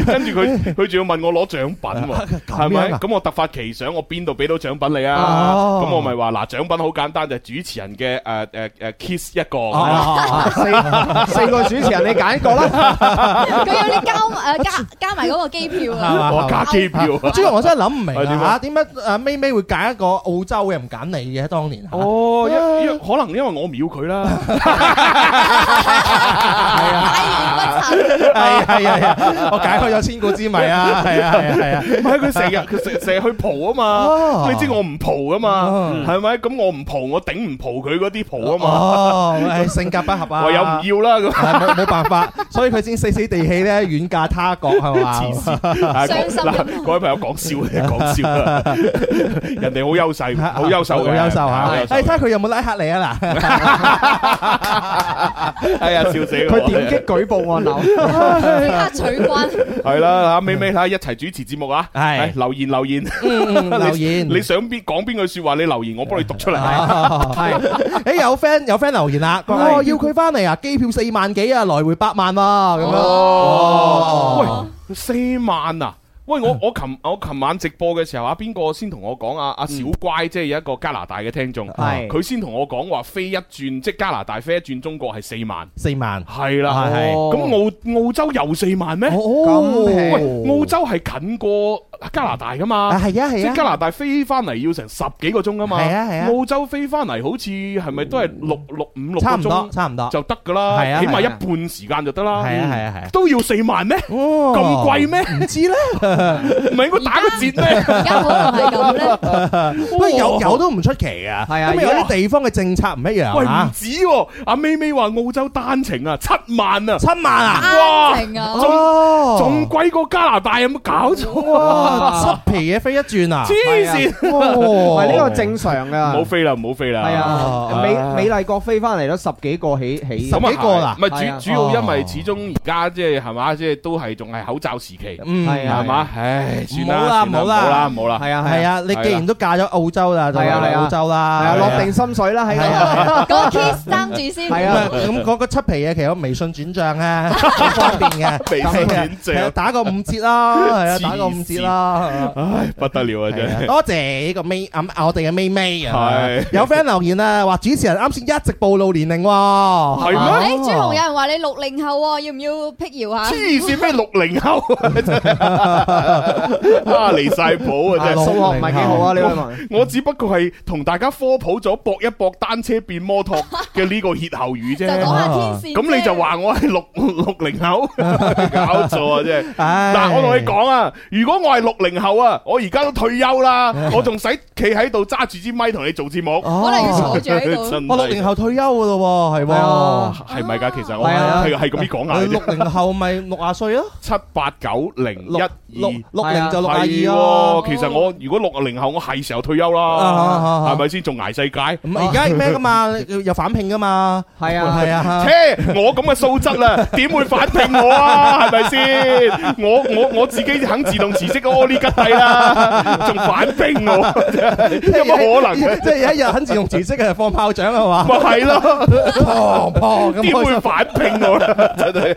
跟住佢，佢仲要問我攞獎品喎，係咪？咁我突發奇想，我邊度俾到獎品你啊？咁我咪話嗱，獎品好簡單，就係主持人嘅誒誒誒 kiss 一個，四四個主持人你揀一個啦。佢有啲加誒加加埋嗰個機票啊，加機票。主要我真係諗唔明啊，點解誒咪咪會揀一個澳洲嘅，唔揀你嘅當年？哦，可能因為我秒佢啦。係啊，係啊，係啊。我解開咗千古之謎啊，係啊，係啊，佢成日佢成日去蒲啊嘛？你知我唔蒲啊嘛？係咪？咁我唔蒲，我頂唔蒲佢嗰啲蒲啊嘛？哦，性格不合啊，唯有唔要啦，咁冇冇辦法，所以佢先死死地氣咧，遠嫁他國係嘛？黐線。嗱，各位朋友講笑嘅講笑，人哋好優勢，好優秀，好優秀啊！睇下佢有冇拉黑你啊？嗱？哎呀，笑死佢！佢點擊舉報按鈕，係啦，阿咪咪，睇一齊主持節目啊！係留言留言，留言，嗯、留言 [laughs] 你，你想邊講邊句說話？你留言，我幫你讀出嚟。係，誒有 friend 有 friend 留言啊，哇的、哦、要佢翻嚟啊，機票四萬幾啊，來回八萬啊。咁樣，哇，四萬啊！喂，我我琴我琴晚直播嘅時候，啊邊個先同我講啊？啊小乖，即係一個加拿大嘅聽眾，佢先同我講話飛一轉，即係加拿大飛一轉中國係四萬，四萬係啦。咁澳澳洲又四萬咩？哦，喂，澳洲係近過加拿大噶嘛？係啊係啊，即加拿大飛翻嚟要成十幾個鐘啊嘛。係啊係啊，澳洲飛翻嚟好似係咪都係六六五六個鐘？差唔多，差唔多就得噶啦。係啊，起碼一半時間就得啦。係係啊係，都要四萬咩？哦，咁貴咩？唔知咧。唔係應該打個折咩？而家可能係咁咧，不過有有都唔出奇啊。係啊，因為有啲地方嘅政策唔一樣喂，唔止喎，阿美美話澳洲單程啊七萬啊，七萬啊，哇仲仲貴過加拿大，有冇搞錯啊？七皮嘅飛一轉啊，黐線，唔係呢個正常啊！唔好飛啦，唔好飛啦。係啊，美美麗國飛翻嚟咗十幾個起起十幾個啦。唔係主主要因為始終而家即係係嘛，即係都係仲係口罩時期，係係嘛。唉，算啦，唔好啦，唔好啦，唔好啦，係啊，係啊，你既然都嫁咗澳洲啦，就嫁澳洲啦，落定心水啦，係啊，嗰個 kiss 生住先，係啊，咁嗰個七皮嘢其實我微信轉賬嘅，方便嘅，微信轉賬打個五折咯，係啊，打個五折咯，唉，不得了啊，真係，多謝呢個 me，我哋嘅 me me 啊，係，有 friend 留言啦，話主持人啱先一直暴露年齡喎，係咩？朱紅，有人話你六零後，要唔要闢謠下？黐線咩六零後？啊離晒譜啊，真係！數學唔係幾好啊，你我只不過係同大家科普咗搏一搏單車變摩托嘅呢個歇後語啫。就講下天線咁，你就話我係六六零後，搞錯啊！真係嗱，我同你講啊，如果我係六零後啊，我而家都退休啦，我仲使企喺度揸住支咪同你做節目？可能要坐住喺度。我六零後退休噶咯，係咪啊？係咪噶？其實我係係係咁樣講啊。六零後咪六廿歲咯，七八九零一二。六零就六廿二咯，其實我如果六零後，我係時候退休啦，係咪先？仲挨世界？唔係而家咩噶嘛？又反聘噶嘛？係啊係啊，切！我咁嘅素質啦，點會反聘我啊？係咪先？我我我自己肯自動辭職屙呢家係啦，仲反聘我？有冇可能嘅？即係有一日肯自動辭職嘅放炮仗係嘛？咪係咯，點會反聘我咧？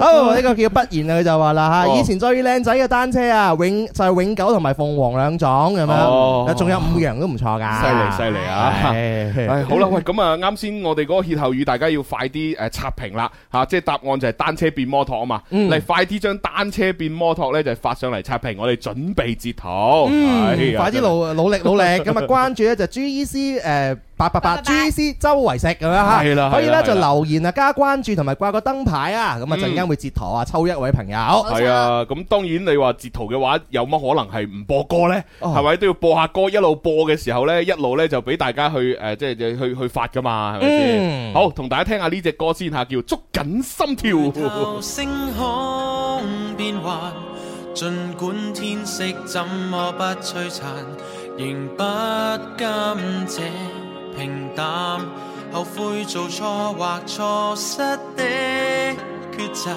哦，呢個叫不言啊！佢就話啦吓，以前追靚仔嘅單車啊，永就係永久同埋鳳凰兩種咁樣，仲有五羊都唔錯噶，犀利犀利啊！好啦，喂，咁啊，啱先我哋嗰個歇後語，大家要快啲誒刷屏啦嚇，即係答案就係單車變摩托啊嘛，嚟快啲將單車變摩托呢就發上嚟刷屏，我哋準備截圖，快啲努努力努力，咁啊關注呢就 GEC。誒。八八八，G C 周圍食咁樣吓，係啦，可以咧就留言啊，加關注同埋掛個燈牌啊，咁啊陣間會截圖啊，抽一位朋友。係啊，咁當然你話截圖嘅話，有乜可能係唔播歌咧？係咪都要播下歌？一路播嘅時候咧，一路咧就俾大家去誒，即係去去發噶嘛？係咪先？好，同大家聽下呢隻歌先吓，叫捉緊心跳。星空變幻，儘管天色怎麼不璀璨，仍不甘平淡，後悔做錯或錯失的抉擇。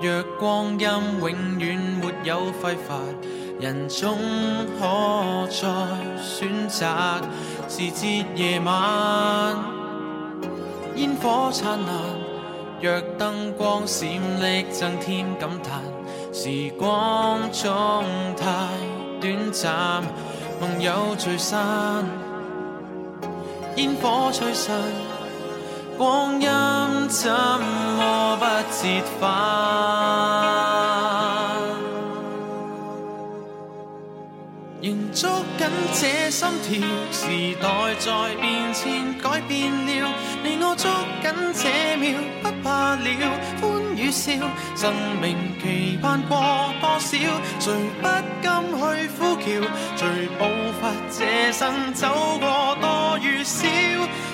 若光陰永遠沒有揮發，人終可再選擇。時節夜晚，煙火燦爛。若燈光閃爍增添感嘆，時光總太短暫，夢有聚散。煙火璀璨，光陰怎麼不折返？連捉緊這心跳，時代在變遷，改變了你我。捉緊這秒，不怕了。歡與笑，生命期盼過多少，誰不甘去呼叫？誰步伐這生走過多與少，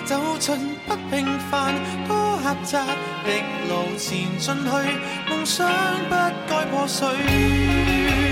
走進不平凡多狹窄，窄的路，前進去，夢想不該破碎。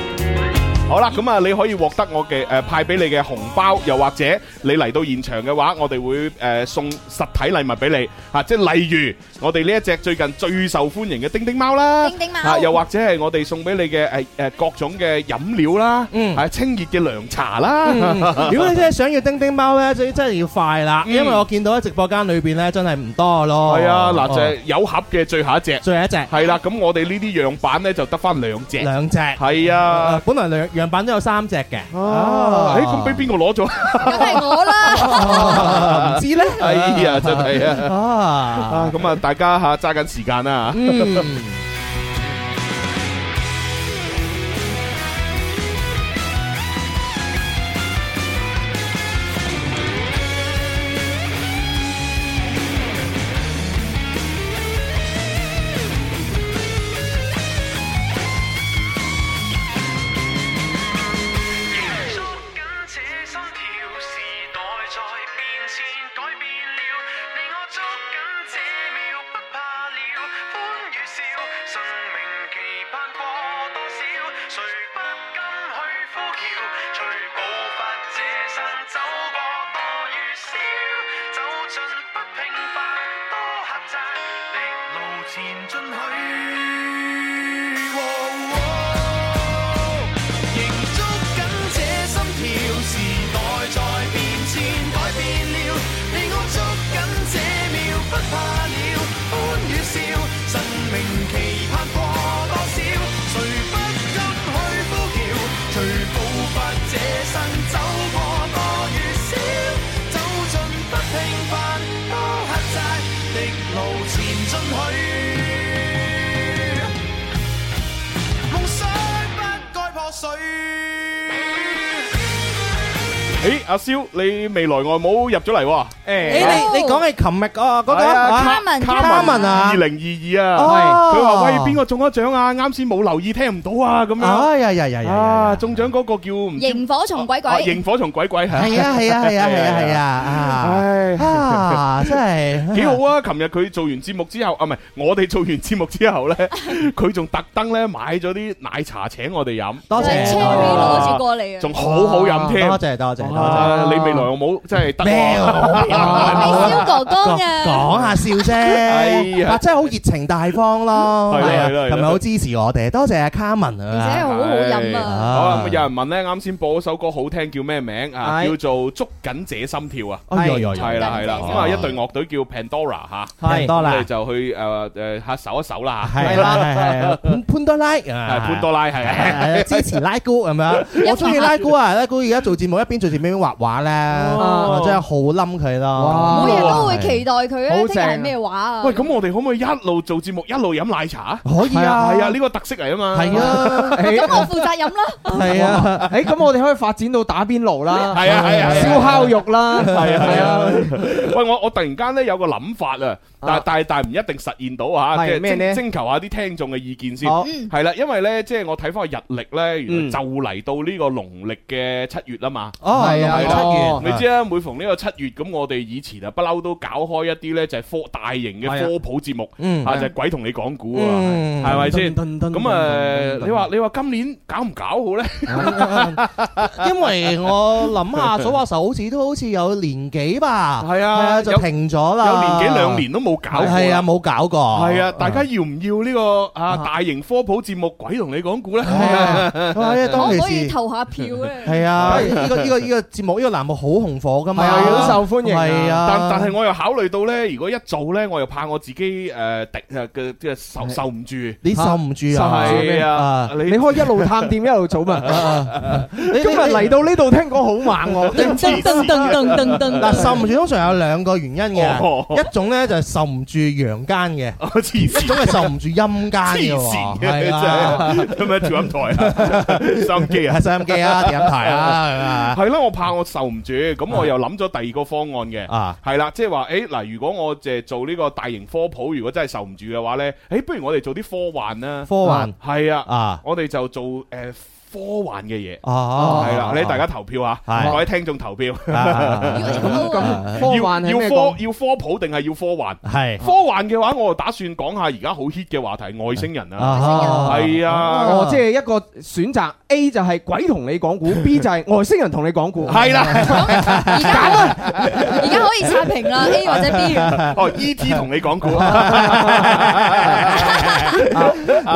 好啦，咁啊，你可以獲得我嘅誒、呃、派俾你嘅紅包，又或者你嚟到現場嘅話，我哋會誒、呃、送實體禮物俾你嚇、啊，即係例如我哋呢一隻最近最受歡迎嘅叮叮貓啦，叮叮貓、嚇、啊，又或者係我哋送俾你嘅誒誒各種嘅飲料啦，嗯，係、啊、清熱嘅涼茶啦。嗯、 [laughs] 如果你真係想要叮叮貓咧，真真係要快啦，嗯、因為我見到喺直播間裏邊咧，真係唔多咯。係啊，嗱，就有盒嘅最後一隻，最後一隻係啦。咁、啊、我哋呢啲樣板咧，就得翻兩隻，兩隻係啊，本來兩。樣板都有三隻嘅，啊，哎、欸，咁俾邊個攞咗？梗係我啦，唔、啊、知咧，哎呀，真係啊，啊，咁、嗯、啊，大家嚇揸緊時間啦。燒你未來外母入咗嚟，誒，你你講你琴日嗰嗰度啊，卡文卡文啊，二零二二啊，佢話喂，邊個中咗獎啊？啱先冇留意，聽唔到啊咁樣。哎呀呀呀，啊中獎嗰個叫螢火蟲鬼鬼，螢火蟲鬼鬼吓，係啊係啊係啊係啊，唉，真係幾好啊！琴日佢做完節目之後，啊唔係我哋做完節目之後咧，佢仲特登咧買咗啲奶茶請我哋飲，多謝，車尾攞住過嚟嘅，仲好好飲添，多謝多謝多謝。你未來又冇即係得咩？超哥哥，講下笑啫，但真係好熱情大方咯，係啊，係咪好支持我哋？多謝阿卡文啊，而且又好好音啊！好啦，咁有人問咧，啱先播嗰首歌好聽，叫咩名啊？叫做《捉緊這心跳》啊，係係啦係啦。咁啊，一隊樂隊叫 Pandora 嚇，Pandora 就去誒誒嚇搜一搜啦，係啦，潘潘多拉，潘多拉，係啊，支持拉姑咁樣，我中意拉姑啊，拉姑而家做節目，一邊做節目一邊畫畫咧，真係好冧佢咯。每日都會期待佢咧，聽日咩話啊？喂，咁我哋可唔可以一路做節目一路飲奶茶？可以啊，係啊，呢個特色嚟啊嘛。係啊，咁我負責飲啦。係啊，誒，咁我哋可以發展到打邊爐啦，係啊係啊，燒烤肉啦，係啊係啊。喂，我我突然間咧有個諗法啊，但係但係但係唔一定實現到啊，即係徵求下啲聽眾嘅意見先。係啦，因為咧即係我睇翻個日曆咧，原來就嚟到呢個農曆嘅七月啦嘛。哦，係啊。七月，你知啦，每逢呢個七月，咁我哋以前啊不嬲，都搞開一啲咧，就係科大型嘅科普節目，啊就係鬼同你講股啊，係咪先？咁啊，你話你話今年搞唔搞好咧？因為我諗下，左阿手指都好似有年幾吧，係啊，就停咗啦，有年幾兩年都冇搞，係啊，冇搞過，係啊，大家要唔要呢個啊大型科普節目鬼同你講股咧？可以投下票咧，係啊，呢個呢個呢個節目。呢個欄目好紅火㗎嘛，好受歡迎。係啊，但但係我又考慮到咧，如果一做咧，我又怕我自己誒嘅嘅受受唔住，你受唔住啊？係啊，你你可以一路探店一路做嘛。你今日嚟到呢度聽講好猛喎，噔噔噔噔噔噔。嗱，受唔住通常有兩個原因嘅，一種咧就係受唔住陽間嘅，一種係受唔住陰間嘅。黐線嘅，係咪調音台啊？收音機啊？收音機啊？點樣排啊？係啦，我怕我，受唔住，咁我又諗咗第二個方案嘅，係啦、啊，即係話，誒、欸、嗱，如果我淨係做呢個大型科普，如果真係受唔住嘅話呢，誒、欸，不如我哋做啲科幻啦，科幻係啊，啊我哋就做誒。呃科幻嘅嘢，哦係啦，你大家投票啊，各位聽眾投票。科幻要科要科普定係要科幻？係科幻嘅話，我就打算講下而家好 hit 嘅話題外星人啊，係啊，即係一個選擇 A 就係鬼同你講故 B 就係外星人同你講故，係啦，而家而家可以刷屏啦，A 或者 B 哦，E.T. 同你講古，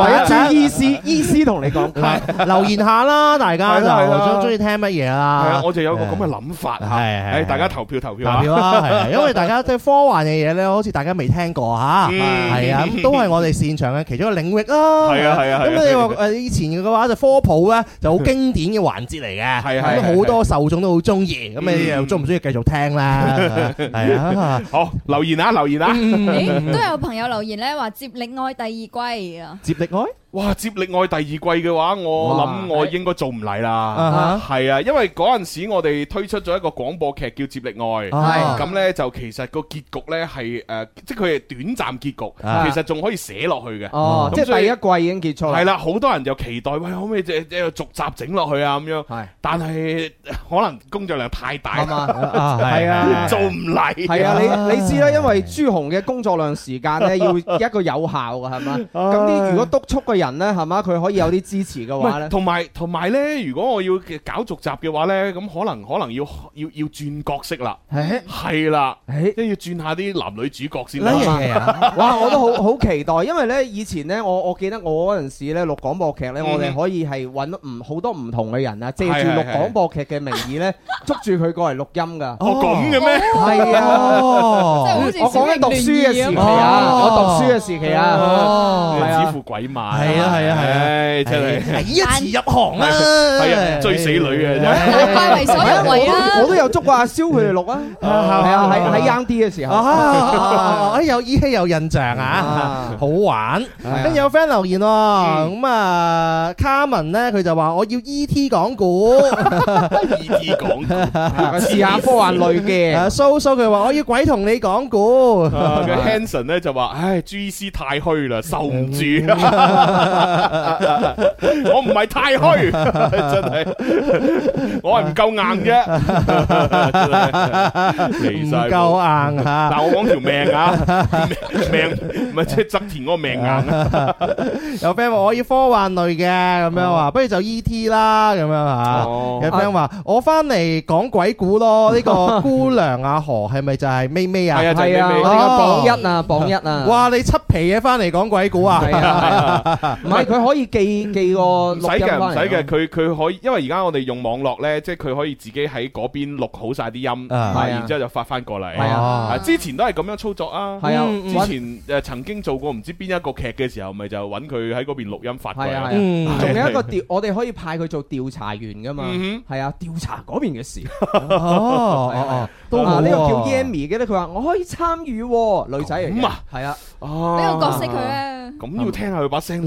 唯一專醫師醫師同你講故留言。下啦，大家就想中意聽乜嘢啦？係啊，我就有個咁嘅諗法吓，係大家投票投票啦，係因為大家即係科幻嘅嘢咧，好似大家未聽過吓，係啊，咁都係我哋擅長嘅其中一個領域啦。係啊係啊，咁你話誒以前嘅話就科普咧，就好經典嘅環節嚟嘅，係係，好多受眾都好中意，咁你又中唔中意繼續聽啦？係啊，好留言啊，留言啊，誒都有朋友留言咧話《接力愛》第二季啊，《接力愛》。哇！接力愛第二季嘅話，我諗我應該做唔嚟啦。係啊，因為嗰陣時我哋推出咗一個廣播劇叫《接力愛》，咁呢，就其實個結局呢，係誒，即係佢係短暫結局，其實仲可以寫落去嘅。哦，即係第一季已經結束。係啦，好多人就期待喂，可唔可以續集整落去啊？咁樣。但係可能工作量太大。係嘛？啊，係啊，做唔嚟。係啊，你你知啦，因為朱紅嘅工作量時間呢，要一個有效嘅係嘛？咁你如果督促嘅人。人咧，係嘛，佢可以有啲支持嘅話咧，同埋同埋咧，如果我要搞續集嘅話咧，咁可能可能要要要轉角色啦，係啦，誒，都要轉下啲男女主角先啦。哇，我都好好期待，因為咧，以前咧，我我記得我嗰陣時咧，錄廣播劇咧，我哋可以係搵唔好多唔同嘅人啊，借住錄廣播劇嘅名義咧，捉住佢過嚟錄音噶。哦，咁嘅咩？係啊，我講緊讀書嘅時期啊，我讀書嘅時期啊，只付鬼馬。係啊係啊係，真係第一次入行啊，追死女嘅真係，為所欲為啦！我都有捉過阿蕭佢哋錄啊，係啊，喺喺 M D 嘅時候啊，哎有依稀有印象啊，好玩，跟住有 friend 留言喎，咁啊，卡文咧佢就話我要 E T 講股，E T 講股，試下科幻類嘅，蘇蘇佢話我要鬼同你講股，Hanson 咧就話，唉，G C 太虛啦，受唔住。 [laughs] 我唔係太虛，真係，我係唔夠硬啫，其實唔夠硬吓、啊。但我講條命啊， [laughs] 命咪即係側田個命硬、啊。有 friend 話我要科幻類嘅，咁、哦、樣話，不如就 E T 啦，咁樣吓。哦、有 friend 話我翻嚟講鬼故咯，呢、這個姑娘阿、 [laughs] 啊、何係咪就係咪咪啊？係啊，就係、妹妹啊榜，榜一啊，榜一啊。哇，你七皮嘢翻嚟講鬼故啊？古啊？ [laughs] 唔係佢可以記記個錄音翻嚟。使嘅唔使嘅，佢佢可以，因為而家我哋用網絡咧，即係佢可以自己喺嗰邊錄好晒啲音，然之後就發翻過嚟。係啊，之前都係咁樣操作啊。係啊，之前誒曾經做過唔知邊一個劇嘅時候，咪就揾佢喺嗰邊錄音發過嚟。係啊，仲有一個調，我哋可以派佢做調查員噶嘛。係啊，調查嗰邊嘅事。到嗱呢個叫 Yemi 嘅咧，佢話我可以參與喎，女仔嚟咁啊，係啊，呢個角色佢咧，咁要聽下佢把聲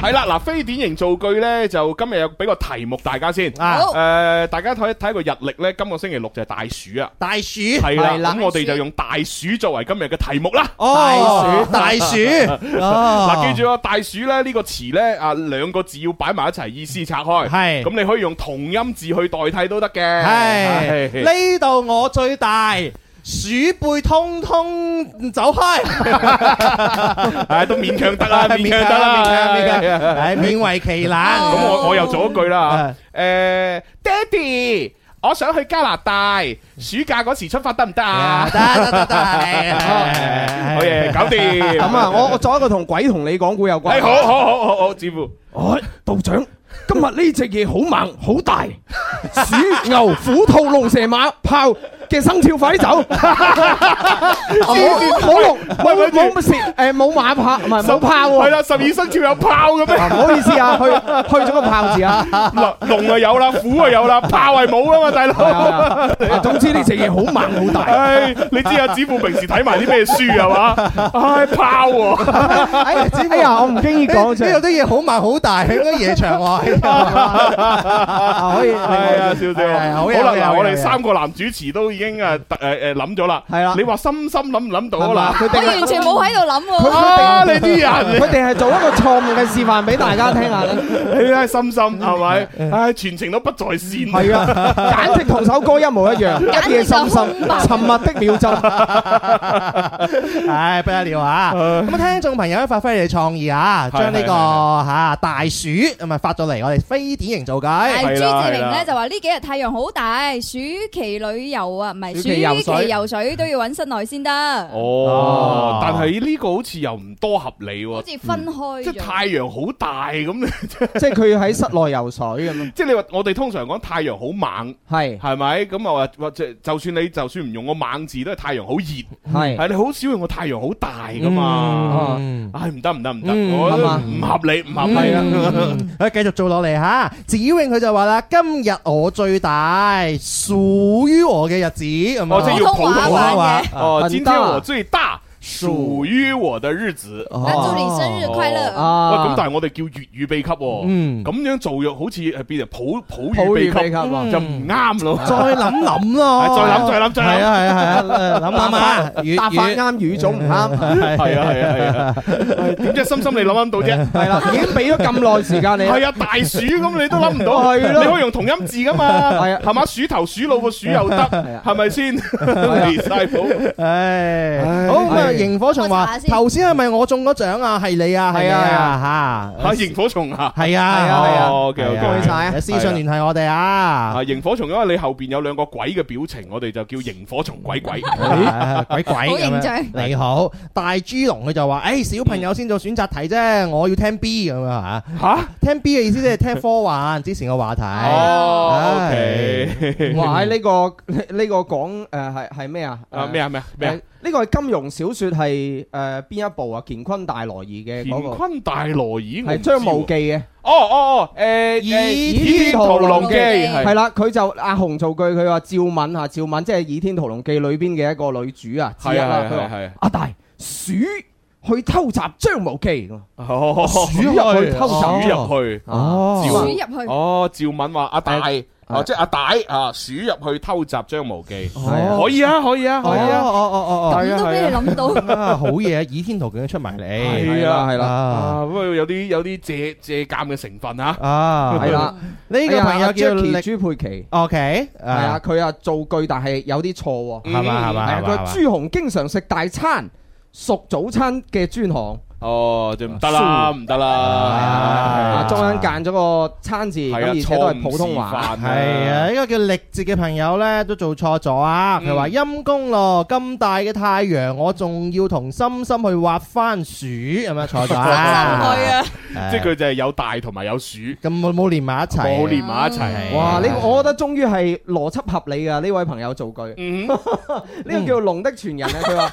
係啦，嗱、嗯，非典型造句呢，就今日有俾個題目大家先。好，誒、呃，大家睇睇個日曆呢，今個星期六就係大暑啊！大暑係啦，咁我哋就用大暑作為今日嘅題目啦。哦啊、大暑，大暑、哦，嗱、啊，記住啊，大暑呢，呢個詞呢，啊，兩個字要擺埋一齊，意思拆開。係，咁你可以用同音字去代替都得嘅。係，呢度、啊、我最大。鼠輩通通走開，係都勉強得啦，勉強得啦，勉強勉強，係勉為其難。咁我我又做一句啦，誒，爹哋，我想去加拿大，暑假嗰時出發得唔得啊？得得得得，好嘢，搞掂。咁啊，我我做一個同鬼同你講古有關，誒，好好好好好，師傅，哦道長。今日呢隻嘢好猛好大，鼠牛虎兔龍蛇馬炮嘅生肖快走。好龍，唔係唔係，誒，冇馬炮，唔係冇炮。係啦，十二生肖有炮嘅咩？唔好意思啊，去去咗個炮字啊。龍啊有啦，虎啊有啦，炮係冇噶嘛，大佬。總之呢隻嘢好猛好大。你知阿子富平時睇埋啲咩書係嘛？哎，炮。哎呀，我唔經意講，呢有啲嘢好猛好大喺啲夜場話。可以係啊，少少係啊，好啦，嗱，我哋三個男主持都已經誒，誒，誒諗咗啦，係啦，你話心心諗唔諗到啦，佢哋我完全冇喺度諗喎，哇，你啲人，佢哋係做一個錯誤嘅示範俾大家聽下咧，係啊，心心係咪？唉，全程都不在綫，係啊，簡直同首歌一模一樣，一夜心心，沉默的秒針，唉，不得了啊！咁啊，聽眾朋友咧，發揮你嘅創意啊，將呢個吓大鼠啊，咪發咗。嚟我哋非典型做計，朱志明咧就話呢幾日太陽好大，暑期旅遊啊，唔係暑期游水都要揾室內先得。哦，但係呢個好似又唔多合理，好似分開，即係太陽好大咁，即係佢要喺室內游水。即係你話我哋通常講太陽好猛，係係咪咁啊？話話即係就算你就算唔用個猛字，都係太陽好熱。係係你好少用個太陽好大噶嘛？嗯，唉唔得唔得唔得，唔合理唔合理啊！繼續。做落嚟吓，子詠佢就話啦：今日我最大，屬於我嘅日子。哦，即係要普通話嘅。哦，今天我最大。屬於我的日子，祝你生日快樂。喂，咁但係我哋叫粵語秘笈，咁樣做又好似係變成普普語秘笈，就唔啱咯。再諗諗咯，再諗再諗再諗，係係係，諗諗啊，答翻啱語種唔啱，係啊係啊係啊，點知心心你諗諗到啫？係啦，已經俾咗咁耐時間你，係啊，大鼠咁你都諗唔到，係你可以用同音字噶嘛，係啊，係嘛，鼠頭鼠腦個鼠又得，係咪先？嚟晒寶，唉，好。螢火蟲話：頭先係咪我中咗獎啊？係你啊？係啊！吓，係螢火蟲啊？係啊！哦，繼續恭喜晒，私信聯繫我哋啊！螢火蟲，因為你後邊有兩個鬼嘅表情，我哋就叫螢火蟲鬼鬼鬼鬼咁樣。你好，大豬籠，佢就話：誒，小朋友先做選擇題啫，我要聽 B 咁樣啊？吓，聽 B 嘅意思即係聽科幻之前嘅話題。哦，OK。哇！喺呢個呢呢個講誒係係咩啊？啊咩啊咩咩？呢個係金庸小說係誒邊一部啊？《乾坤大挪移》嘅《乾坤大挪移》，係《張無忌》嘅。哦哦哦，誒《倚天屠龍記》係啦。佢就阿洪造句，佢話趙敏吓趙敏，即係《倚天屠龍記》裏邊嘅一個女主啊，之一，佢話阿大鼠去偷襲張無忌，鼠入去偷襲，鼠入去，鼠入去。哦，趙敏話阿大。啊！即係阿大啊，鼠入去偷襲張無忌，可以啊，可以啊，係啊，哦哦哦，咁都俾你諗到，好嘢！倚天屠龍出埋嚟，係啊，係啦，不過有啲有啲借借鑒嘅成分啊，啊，係啦，呢個朋友叫朱佩奇，OK，係啊，佢啊造句但係有啲錯，係嘛，係嘛，係佢朱紅經常食大餐，熟早餐嘅專項。哦，就唔得啦，唔得啦，中間揀咗個餐字，而且都係普通話。係啊，呢個叫力字嘅朋友咧，都做錯咗啊！佢話陰公咯，咁大嘅太陽，我仲要同心心去挖番薯，咁冇錯咗啊。係啊，即係佢就係有大同埋有鼠，咁冇冇連埋一齊？冇連埋一齊。哇！呢，我覺得終於係邏輯合理噶呢位朋友造句。呢個叫龍的傳人啊，佢話。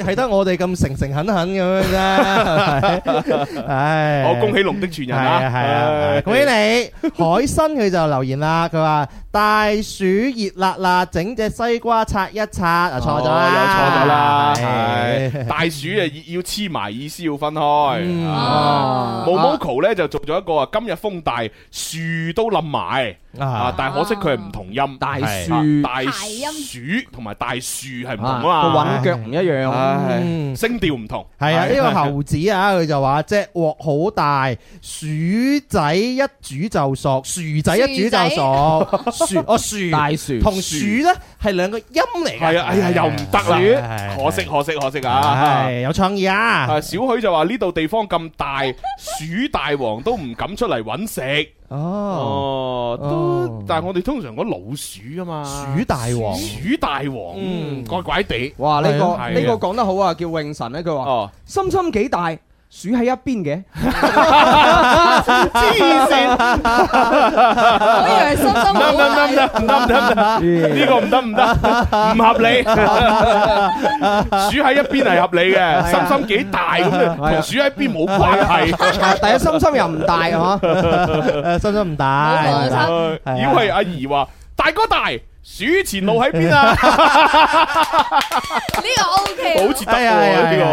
係得我哋咁誠誠懇懇咁樣啫，唉！好恭喜龍的傳人，係啊係啊！恭喜你，海生佢就留言啦，佢話大暑熱辣辣，整隻西瓜拆一拆，錯咗啦，又錯咗啦，大暑啊要要黐埋，意思要分開。毛毛咧就做咗一個啊，今日風大，樹都冧埋。啊！但係可惜佢係唔同音，大樹、大大樹同埋大樹係唔同啊嘛，韻腳唔一樣，聲調唔同。係啊，呢個猴子啊，佢就話隻鑊好大，鼠仔一煮就熟，薯仔，一煮就熟，樹哦樹，大樹同樹咧係兩個音嚟嘅。係啊，哎呀，又唔得啦，可惜可惜可惜啊！係有創意啊！小許就話呢度地方咁大，鼠大王都唔敢出嚟搵食。哦，哦都，但係我哋通常講老鼠啊嘛，鼠大王，鼠大王，嗯，怪怪哋，哇，呢、這個呢、啊、個講得好啊，啊叫永神咧、啊，佢話，哦，心深幾大。鼠喺一邊嘅，黐線！我以為心心冇。唔得唔得唔得唔得，呢個唔得唔得，唔合理。鼠喺一邊係合理嘅，心心幾大咁，同鼠喺邊冇關係。第一心心又唔大，嗬，誒心心唔大。以為阿怡話大哥大。鼠前路喺邊啊？呢個 O K，好似得喎呢個。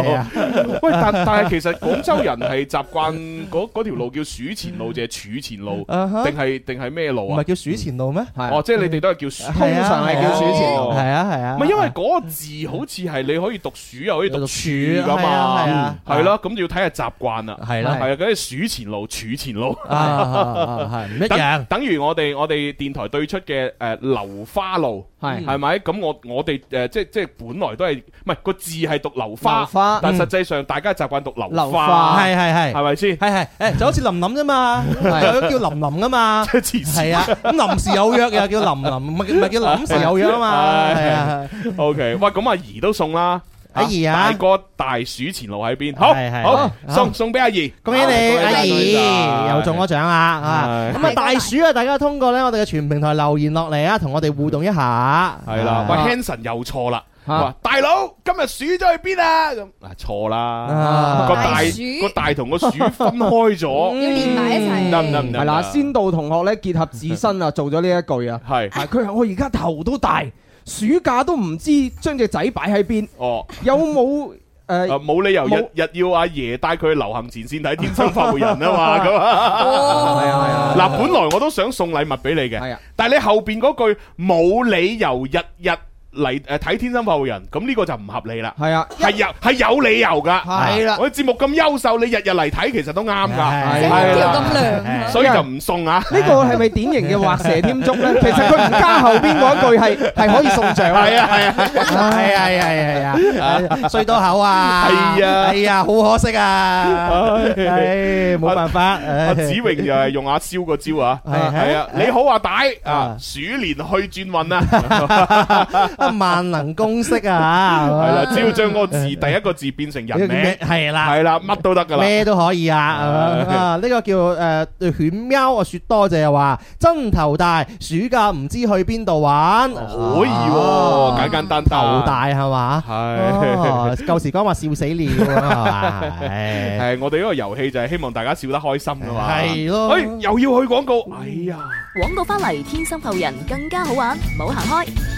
喂，但但係其實廣州人係習慣嗰嗰條路叫鼠前路，就係署前路，定係定係咩路啊？唔係叫鼠前路咩？哦，即係你哋都係叫，通常係叫鼠前路。係啊係啊。唔係因為嗰個字好似係你可以讀鼠又可以讀署噶嘛，係咯？咁要睇下習慣啦。係啦，係啊，嗰啲鼠前路、署前路，係唔一樣。等等於我哋我哋電台對出嘅誒劉花露係，係咪咁？我我哋誒即即係本來都係，唔係個字係讀流花花，但實際上大家習慣讀流花，係係係，係咪先？係係誒，就好似林林啫嘛，有叫林林噶嘛，係啊，臨時有約又叫林林，唔係唔係叫臨時有約啊嘛。O K，哇，咁阿怡都送啦。阿儀啊，大哥大鼠前路喺邊？好，好送送俾阿儀，恭喜你，阿儀又中咗獎啦！啊，咁啊大鼠啊，大家通過咧，我哋嘅全平台留言落嚟啊，同我哋互動一下。係啦，喂 Hanson 又錯啦，話大佬今日鼠咗去邊啊？咁嗱，錯啦，個大個大同個鼠分開咗，要連埋一齊，得唔得？係啦，先到同學咧結合自身啊，做咗呢一句啊，係，佢係我而家頭都大。暑假都唔知將隻仔擺喺邊，哦有有，有冇誒？冇、啊、理由沒日日要阿爺帶佢去流行前線睇天生發會人 [laughs] [laughs] 啊嘛！咁係啊係啊，嗱，本來我都想送禮物俾你嘅，係是啊，但係你後邊句冇理由日日。嚟誒睇《天生發好人》，咁呢個就唔合理啦。係啊，係有係有理由噶。係啦，我哋節目咁優秀，你日日嚟睇其實都啱噶。係係，要咁涼，所以就唔送啊。呢個係咪典型嘅畫蛇添足咧？其實佢唔加後邊嗰句係係可以送獎。係啊係啊係啊係啊係啊，衰多口啊。係啊係啊，好可惜啊。唉，冇辦法。阿子榮又係用阿蕭個招啊。係係啊，你好阿弟啊，鼠年去轉運啊。啊！萬能公式啊！係啦，只要將個字第一個字變成人名，係啦，係啦，乜都得噶啦，咩都可以啊！啊，呢個叫誒，犬喵啊，說多謝又話真頭大，暑假唔知去邊度玩，可以哦，簡簡單單，頭大係嘛？係，舊時講話笑死你，係嘛？誒，我哋呢個遊戲就係希望大家笑得開心噶嘛。係咯，哎，又要去廣告，哎呀，廣告翻嚟，天生後人更加好玩，唔好行開。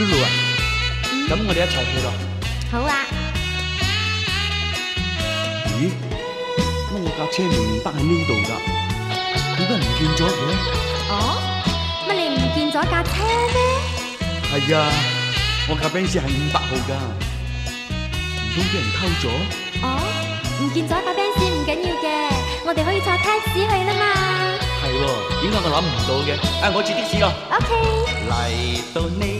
咁我哋一齊去咯。好啊。咦？乜我架車明明擺喺呢度噶？點解唔見咗佢？哦，乜你唔見咗架車咩？係啊，我架巴士係五百號噶，唔通俾人偷咗？哦，唔見咗架巴士唔緊要嘅，我哋可以坐的士去啦嘛。係喎，啊，點解我諗唔到嘅，哎？我自己試咯。O Okay K。嚟到呢。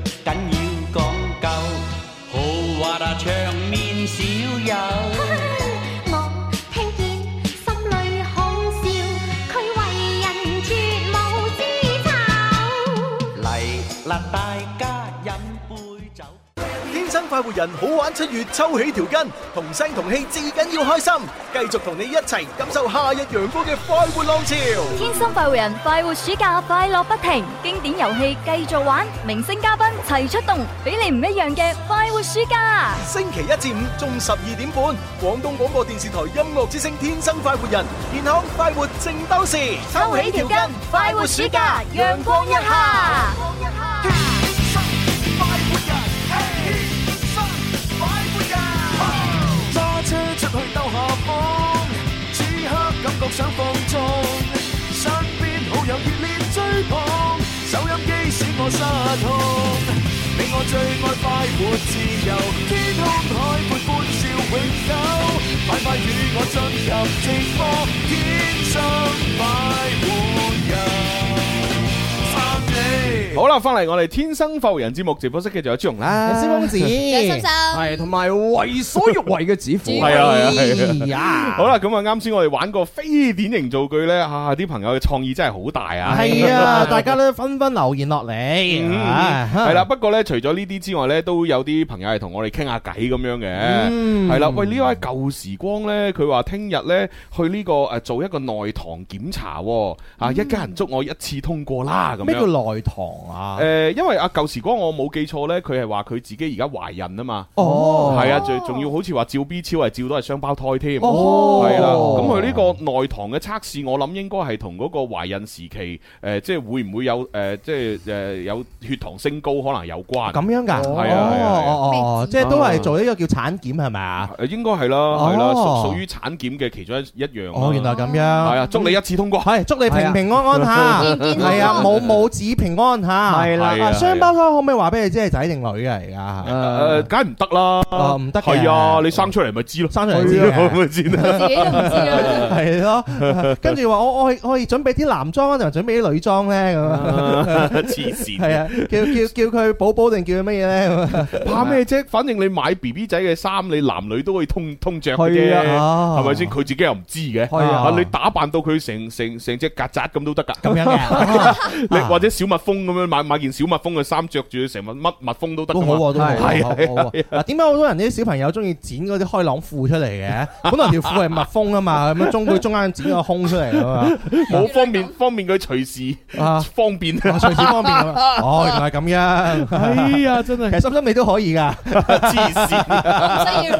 場面少有。快活人好玩七月，抽起條筋，同聲同氣，至緊要開心。繼續同你一齊感受夏日陽光嘅快活浪潮。天生快活人，快活暑假快樂不停，經典遊戲繼續玩，明星嘉賓齊出動，俾你唔一樣嘅快活暑假。星期一至五，中午十二點半，廣東廣播電視台音樂之聲《天生快活人》，健康快活正當時，抽起條筋，快活暑假，陽光一下。想放縱，身邊好友熱烈追捧，手音機使我失控。你我最愛快活自由，天空海闊歡笑永久，快快與我進入寂寞，天生快活人。好啦，翻嚟我哋天生浮人節目直播室嘅仲有朱榮啦，有司公子，有收收，係同埋為所欲為嘅子虎，係啊係啊，好啦，咁啊，啱先我哋玩過非典型造句咧，吓啲朋友嘅創意真係好大啊！係啊，大家咧紛紛留言落嚟，係啦。不過咧，除咗呢啲之外咧，都有啲朋友係同我哋傾下偈咁樣嘅，係啦。喂，呢位舊時光咧，佢話聽日咧去呢個誒做一個內堂檢查，啊，一家人祝我一次通過啦咁樣。咩叫內堂？誒，因為阿舊時光我冇記錯咧，佢係話佢自己而家懷孕啊嘛。哦，係啊，仲仲要好似話照 B 超係照到係雙胞胎添。哦，係啦。咁佢呢個內糖嘅測試，我諗應該係同嗰個懷孕時期誒，即係會唔會有誒，即係誒有血糖升高可能有關。咁樣噶？係啊係啊，即係都係做呢個叫產檢係咪啊？誒，應該係啦，係啦，屬屬於產檢嘅其中一一樣。哦，原來係咁樣。係啊，祝你一次通過。係，祝你平平安安吓。健健康康。係啊，母母子平安。係啦，雙胞胎可唔可以話俾你知係仔定女㗎？而家誒，梗係唔得啦，唔得，係啊！你生出嚟咪知咯，生出嚟知咪知。自己都唔知啊。係咯，跟住話我我可以準備啲男裝，定係準備啲女裝咧咁啊？黐線，係啊！叫叫叫佢寶寶定叫佢乜嘢咧？怕咩啫？反正你買 B B 仔嘅衫，你男女都可以通通著嘅啫，係咪先？佢自己又唔知嘅，你打扮到佢成成成隻曱甴咁都得噶。咁樣嘅，你或者小蜜蜂咁樣。買買件小蜜蜂嘅衫着住，成日乜蜜蜂都得。都好，都好，係係。嗱，點解好多人啲小朋友中意剪嗰啲開朗褲出嚟嘅？本來條褲係蜜蜂啊嘛，咁樣中佢中間剪個空出嚟啊嘛，好方便，方便佢隨時啊，方便，隨時方便。哦，原來係咁樣。哎呀，真係，其實心心味都可以噶。黐線，需要。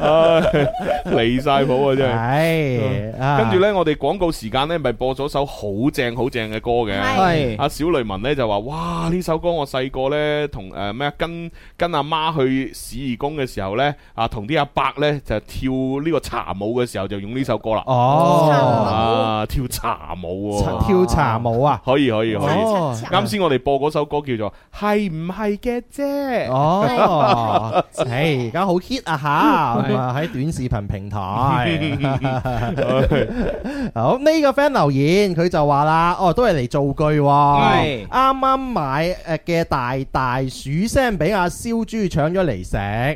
唉，離晒譜啊，真係。係。跟住咧，我哋廣告時間咧，咪播咗首好正好正嘅歌嘅。係。阿小雷文咧就話。哇！呢首歌我細個呢，同誒咩跟跟阿媽去市義宮嘅時候呢，啊同啲阿伯呢，就跳呢個茶舞嘅時候就用呢首歌啦。哦，跳茶舞，跳茶舞啊！啊舞啊可以可以可以。啱先，哦、我哋播嗰首歌叫做係唔係嘅啫。哦，嘿，啊，而家好 hit 啊吓，喺短視頻平台。好，呢個 friend 留言佢就話啦，哦都係嚟造句，啱。啱買嘅大大鼠聲俾阿燒豬搶咗嚟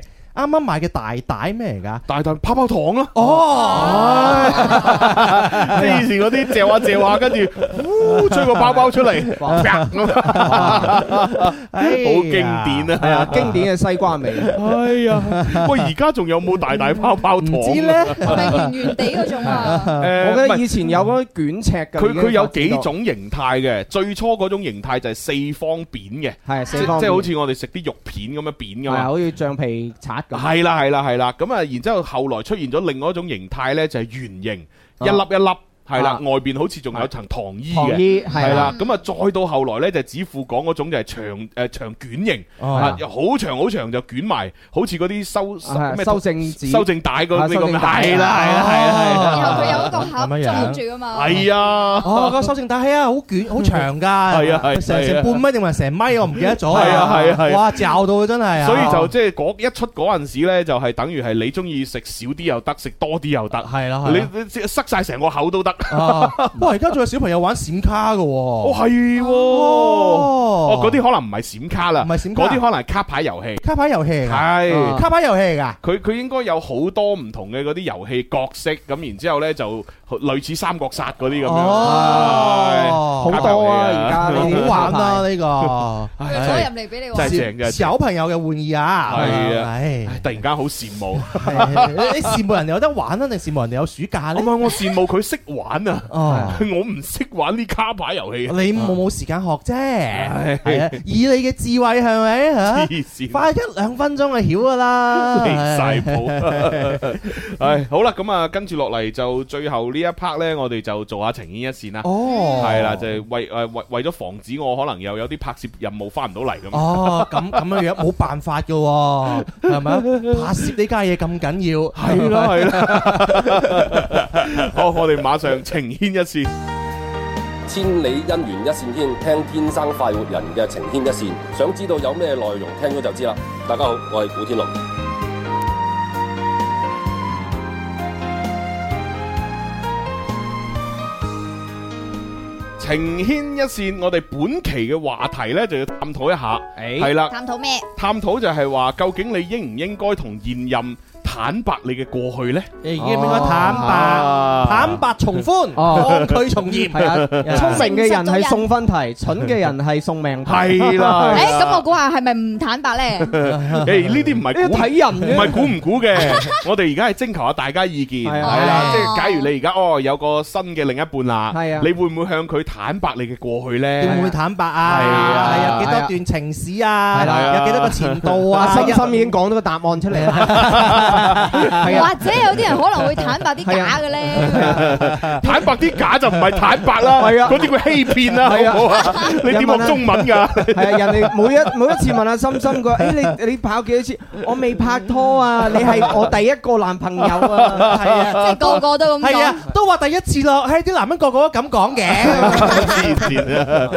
食。啱啱買嘅大袋咩嚟噶？大袋泡泡糖啊？哦，即係以前嗰啲嚼下嚼下，跟住吹個包包出嚟，好經典啊，係啊，經典嘅西瓜味。哎呀，喂，而家仲有冇大大泡泡糖？唔知咧，係圓圓地嗰種啊。誒，我覺得以前有嗰啲捲尺嘅。佢佢有幾種形態嘅，最初嗰種形態就係四方扁嘅，係，即係好似我哋食啲肉片咁樣扁噶嘛。好似橡皮係啦，係啦，係啦，咁啊，然之後後來出現咗另外一種形態呢，就係、是、圓形，一粒一粒。啊係啦，外邊好似仲有層糖衣嘅，係啦。咁啊，再到後來咧，就指腹講嗰種就係長誒長卷型，吓又好長好長就捲埋，好似嗰啲修修修正帶嗰呢個係啦，係啊係啊，然後佢有一個盒就掩住噶嘛，係啊，啊個修正帶係啊，好捲好長噶，係啊係，成成半米定還是成米我唔記得咗，係啊係啊係，哇嚼到啊真係，所以就即係嗰一出嗰陣時咧，就係等於係你中意食少啲又得，食多啲又得，係咯，你你塞晒成個口都得。不過而家仲有小朋友玩閃卡噶，哦係，哦嗰啲可能唔係閃卡啦，唔係閃卡，嗰啲可能係卡牌遊戲，卡牌遊戲係卡牌遊戲噶，佢佢應該有好多唔同嘅嗰啲遊戲角色，咁然之後咧就類似三國殺嗰啲咁樣，好多而家好玩啦呢個，所入嚟俾你話，小朋友嘅玩意啊，係啊，突然間好羨慕，你羨慕人哋有得玩啊，定羨慕人哋有暑假咧？唔係我羨慕佢識玩。玩啊！我唔識玩啲卡牌遊戲，你冇冇時間學啫？係啊，以你嘅智慧係咪？黐線！快一兩分鐘就曉噶啦，填晒譜。係好啦，咁啊，跟住落嚟就最後呢一 part 咧，我哋就做下情意一線啦。哦，係啦，就係為誒為為咗防止我可能又有啲拍攝任務翻唔到嚟咁。哦，咁咁樣樣冇辦法噶，係咪啊？拍攝呢家嘢咁緊要？係咯係咯。好，我哋馬上。情牽一線，千里姻緣一線牽，聽天生快活人嘅情牽一線，想知道有咩內容，聽咗就知啦。大家好，我係古天樂。情牽一線，我哋本期嘅話題呢，就要探討一下，係啦、哎，了探討咩？探討就係話，究竟你應唔應該同現任？坦白你嘅過去咧，已經應該坦白，坦白從寬，抗拒從嚴。係啊，聰明嘅人係送分題，蠢嘅人係送命題。係啦，誒咁我估下係咪唔坦白咧？誒呢啲唔係估睇人，唔係估唔估嘅。我哋而家係徵求下大家意見，係啦。即係假如你而家哦有個新嘅另一半啦，係啊，你會唔會向佢坦白你嘅過去咧？會唔會坦白啊？一段情史啊，有幾多個前度啊？心心已經講到個答案出嚟啦。或者有啲人可能會坦白啲假嘅咧，坦白啲假就唔係坦白啦，嗰啲會欺騙啦，好唔好啊？你點學中文㗎？係啊，人哋每一每一次問阿心心佢，誒你你跑幾多次？我未拍拖啊，你係我第一個男朋友啊，係啊，即係個個都咁講。係啊，都話第一次咯，係啲男人個個都咁講嘅。你前啊，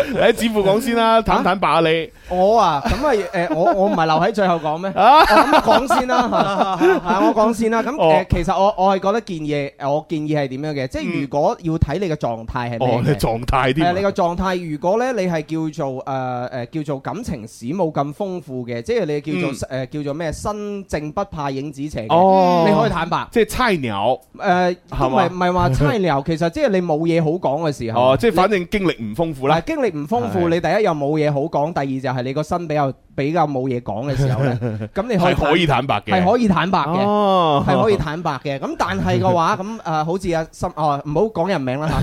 父講先啦，坦坦白你。我啊，咁啊，誒，我我唔係留喺最後講咩？我咁講先啦，係我講先啦。咁誒，其實我我係覺得建議，我建議係點樣嘅？即係如果要睇你嘅狀態係咩？哦，狀態啲。你嘅狀態，如果咧你係叫做誒誒叫做感情史冇咁豐富嘅，即係你叫做誒叫做咩？身正不怕影子斜。哦，你可以坦白。即係菜鳥。誒，唔係唔係話菜鳥，其實即係你冇嘢好講嘅時候。哦，即係反正經歷唔豐富啦。經歷唔豐富，你第一又冇嘢好講，第二就係你個身比較比較冇嘢講嘅時候咧，咁你可以坦白嘅，係可以坦白嘅，係可以坦白嘅。咁但係嘅話，咁誒好似啊，心哦唔好講人名啦嚇。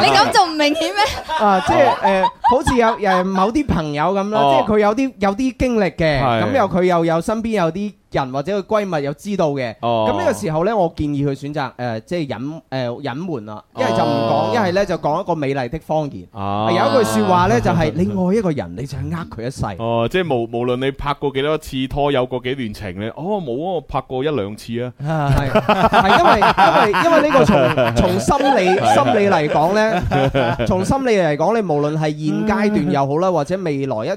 你咁做唔明顯咩？啊，即係誒，好似有誒某啲朋友咁啦，即係佢有啲有啲經歷嘅，咁又佢又有身邊有啲。人或者佢閨蜜有知道嘅，咁呢個時候咧，我建議佢選擇誒即係隱誒隱瞞啦，一係就唔講，一係咧就講一個美麗的謊言。有一句説話咧，就係你愛一個人，你就係呃佢一世。哦，即係無無論你拍過幾多次拖，有過幾段情咧，哦冇啊，我拍過一兩次啊。係係因為因為因為呢個從從心理心理嚟講咧，從心理嚟講，你無論係現階段又好啦，或者未來一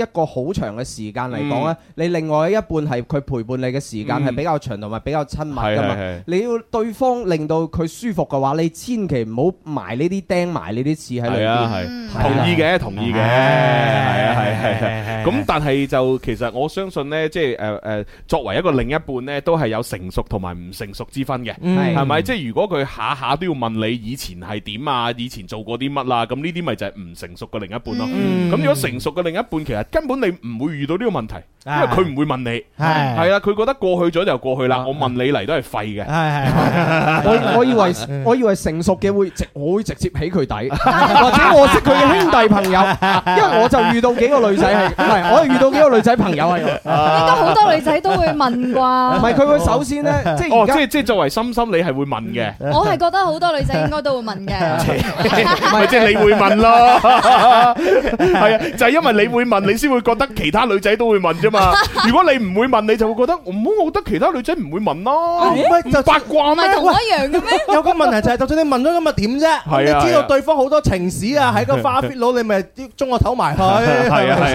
一個好長嘅時間嚟講咧，你另外一半係佢陪伴你嘅時間係比較長，同埋比較親密噶嘛。你要對方令到佢舒服嘅話，你千祈唔好埋呢啲釘、埋呢啲刺喺裏邊。同意嘅，同意嘅，係啊，係係。咁但係就其實我相信咧，即係誒誒，作為一個另一半咧，都係有成熟同埋唔成熟之分嘅。係咪？即係如果佢下下都要問你以前係點啊，以前做過啲乜啦，咁呢啲咪就係唔成熟嘅另一半咯。咁如果成熟嘅另一半其實根本你唔會遇到呢個問題。因為佢唔會問你，係係啊！佢覺得過去咗就過去啦。我問你嚟都係廢嘅。係係。我我以為我以為成熟嘅會直，我會直接起佢底，或者我識佢嘅兄弟朋友。因為我就遇到幾個女仔係唔係？我係遇到幾個女仔朋友係。應該好多女仔都會問啩？唔係佢會首先咧，即係哦，即係即係作為心心，你係會問嘅。我係覺得好多女仔應該都會問嘅，唔係即係你會問咯。係啊，就係因為你會問，你先會覺得其他女仔都會問啫嘛。如果你唔會問，你就會覺得唔好。我覺得其他女仔唔會問咯，就八卦嘛，同我一樣嘅。有個問題就係，就算你問咗，咁，咪點啫？係啊，你知道對方好多情史啊，喺個花 fit 佬，你咪中個頭埋去。係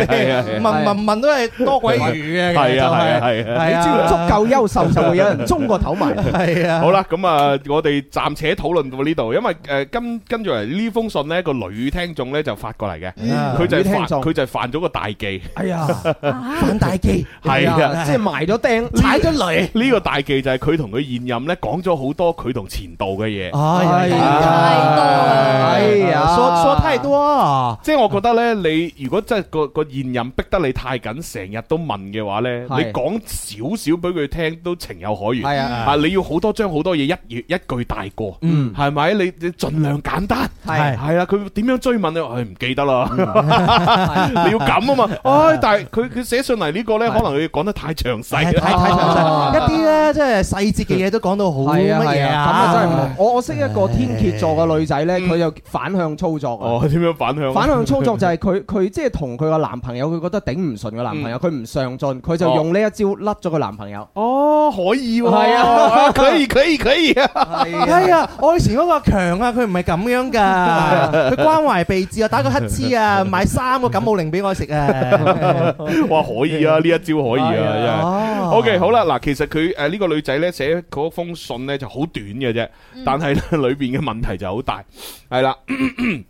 係啊，問問問都係多鬼餘嘅。係啊係啊係啊，你足夠優秀就會有人中個頭埋。係啊，好啦，咁啊，我哋暫且討論到呢度，因為誒，跟跟住嚟呢封信咧，個女聽眾咧就發過嚟嘅，佢就係佢就係犯咗個大忌。哎呀，犯大。大忌係啊，即係埋咗釘，踩咗雷。呢個大忌就係佢同佢現任咧講咗好多佢同前度嘅嘢，係啊，係啊，說說太多。即係我覺得咧，你如果真係個個現任逼得你太緊，成日都問嘅話咧，你講少少俾佢聽都情有可原。係啊，啊你要好多張好多嘢，一一句大過，嗯，係咪？你你盡量簡單，係係啊。佢點樣追問咧？唉，唔記得啦。你要咁啊嘛。唉，但係佢佢寫信嚟。呢個咧可能佢講得太詳細，太太詳細，一啲咧即係細節嘅嘢都講到好乜嘢，咁啊真係我我識一個天蠍座嘅女仔咧，佢就反向操作。哦，點樣反向？反向操作就係佢佢即係同佢個男朋友，佢覺得頂唔順個男朋友，佢唔上進，佢就用呢一招甩咗個男朋友。哦，可以，係啊，可以可以可以啊，係啊，以前嗰個阿強啊，佢唔係咁樣噶，佢關懷備至啊，打個乞嗤啊，買三個感冒靈俾我食啊，哇，可以。啊！呢一招可以啊，OK，好啦，嗱，其實佢誒呢個女仔咧寫嗰封信咧就好短嘅啫，但係咧、嗯、裏邊嘅問題就好大。係啦，誒誒，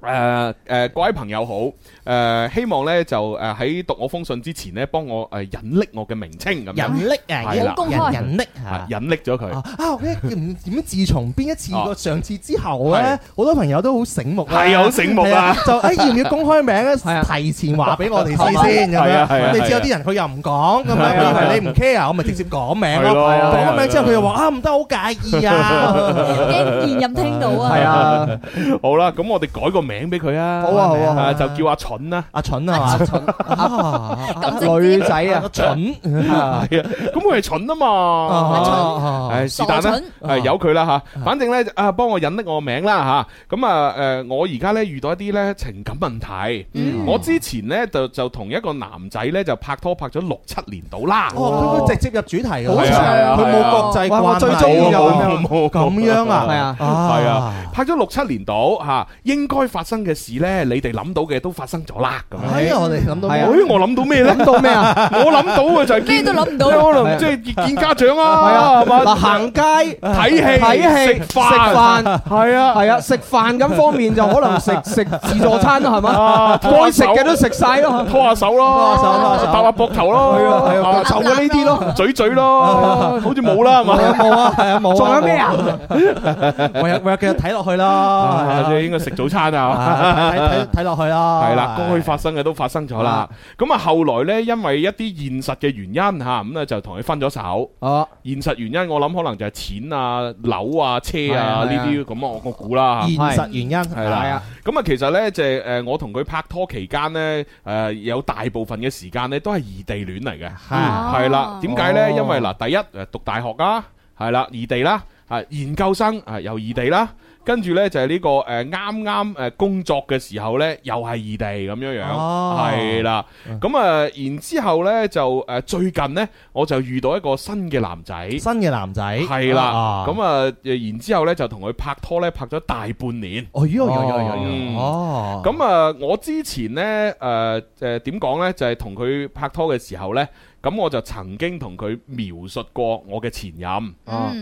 各、呃、位、呃呃、朋友好。誒，希望咧就誒喺讀我封信之前咧，幫我誒隱匿我嘅名稱咁樣。隱匿誒，要公開？隱匿吓，隱匿咗佢。啊，咩？點點？自從邊一次個上次之後咧，好多朋友都好醒目啊，係啊，好醒目啊。就誒，要唔要公開名咧？係啊，提前話俾我哋知先，咁樣。咁你知有啲人佢又唔講，咁啊，佢以為你唔 care，我咪直接講名咯。講個名之後佢又話啊唔得，好介意啊，驚現任聽到啊。係啊。好啦，咁我哋改個名俾佢啊。好啊，好啊，就叫阿。蠢啊！阿蠢啊！蠢，女仔啊！蠢係啊！咁佢係蠢啊嘛！係是但啦，係由佢啦吓。反正咧，啊，幫我引啲我名啦吓。咁啊，誒，我而家咧遇到一啲咧情感問題。我之前咧就就同一個男仔咧就拍拖拍咗六七年到啦。直接入主題噶，佢冇國際關係。咁樣啊？係啊，拍咗六七年到吓，應該發生嘅事咧，你哋諗到嘅都發生咗啦咁，哎我哋諗到，哎我諗到咩咧？諗到咩啊？我諗到嘅就係咩都諗唔到，可能即係見家長啊，係嘛？行街睇戲，睇戲食飯，係啊，係啊，食飯咁方面就可能食食自助餐咯，係嘛？該食嘅都食晒咯，拖下手咯，手咯，搭下膊頭咯，係啊，就咁呢啲咯，嘴嘴咯，好似冇啦，係嘛？冇啊，係啊，冇啊，仲有咩啊？唯有唯有繼續睇落去啦，應該食早餐啊，睇睇睇落去啦，係啦。該發生嘅都發生咗啦，咁啊後來咧因為一啲現實嘅原因吓，咁咧就同佢分咗手。哦，現實原因我諗可能就係錢啊、樓啊、車啊呢啲咁啊，我個估啦吓。現實原因係啦，咁啊其實呢，就係我同佢拍拖期間呢，誒，有大部分嘅時間呢都係異地戀嚟嘅，係係啦。點解呢？因為嗱，第一誒讀大學啊，係啦，異地啦，係研究生啊又異地啦。跟住呢、這個，就係呢個誒啱啱誒工作嘅時候呢，又係異地咁樣樣，係啦。咁啊，呃、然之後呢就誒、呃、最近呢，我就遇到一個新嘅男仔，新嘅男仔係啦。咁的啊，啊，然之後呢就同佢拍拖呢，拍咗大半年。哦，咁、呃、啊，我之前呢，誒誒點講呢就係同佢拍拖嘅時候呢。咁我就曾經同佢描述過我嘅前任，嗯、啊，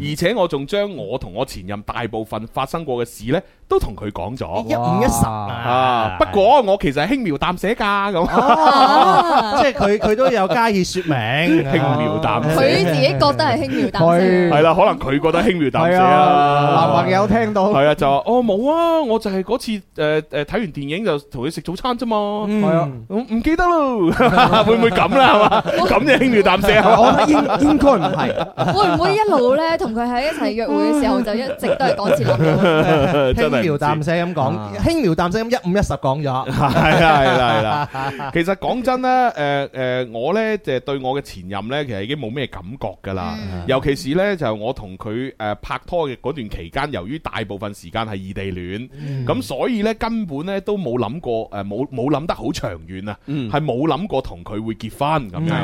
而且我仲將我同我前任大部分發生過嘅事呢，都同佢講咗一五一十啊！不過我其實係輕描淡寫㗎咁，即係佢佢都有加以説明，輕描淡寫。佢自己覺得係輕描淡寫，係啦，可能佢覺得輕描淡寫啊。男朋友聽到係啊，就話：哦冇啊，我就係嗰次誒誒睇完電影就同佢食早餐啫嘛。係啊，唔記得咯，會唔會咁啦？係嘛，咁就輕描淡寫係嘛？應應該唔係。會唔會一路咧同佢喺一齊約會嘅時候就一直都係講自立？真係。輕描淡寫咁講，輕、啊、描淡寫咁一五一十講咗，係啦係啦係啦， [laughs] 其實講真咧，誒誒，我咧就對我嘅前任咧，其實已經冇咩感覺噶啦，嗯、尤其是咧就我同佢誒拍拖嘅嗰段期間，由於大部分時間係異地戀，咁、嗯、所以咧根本咧都冇諗過誒，冇冇諗得好長遠啊，係冇諗過同佢會結婚咁樣，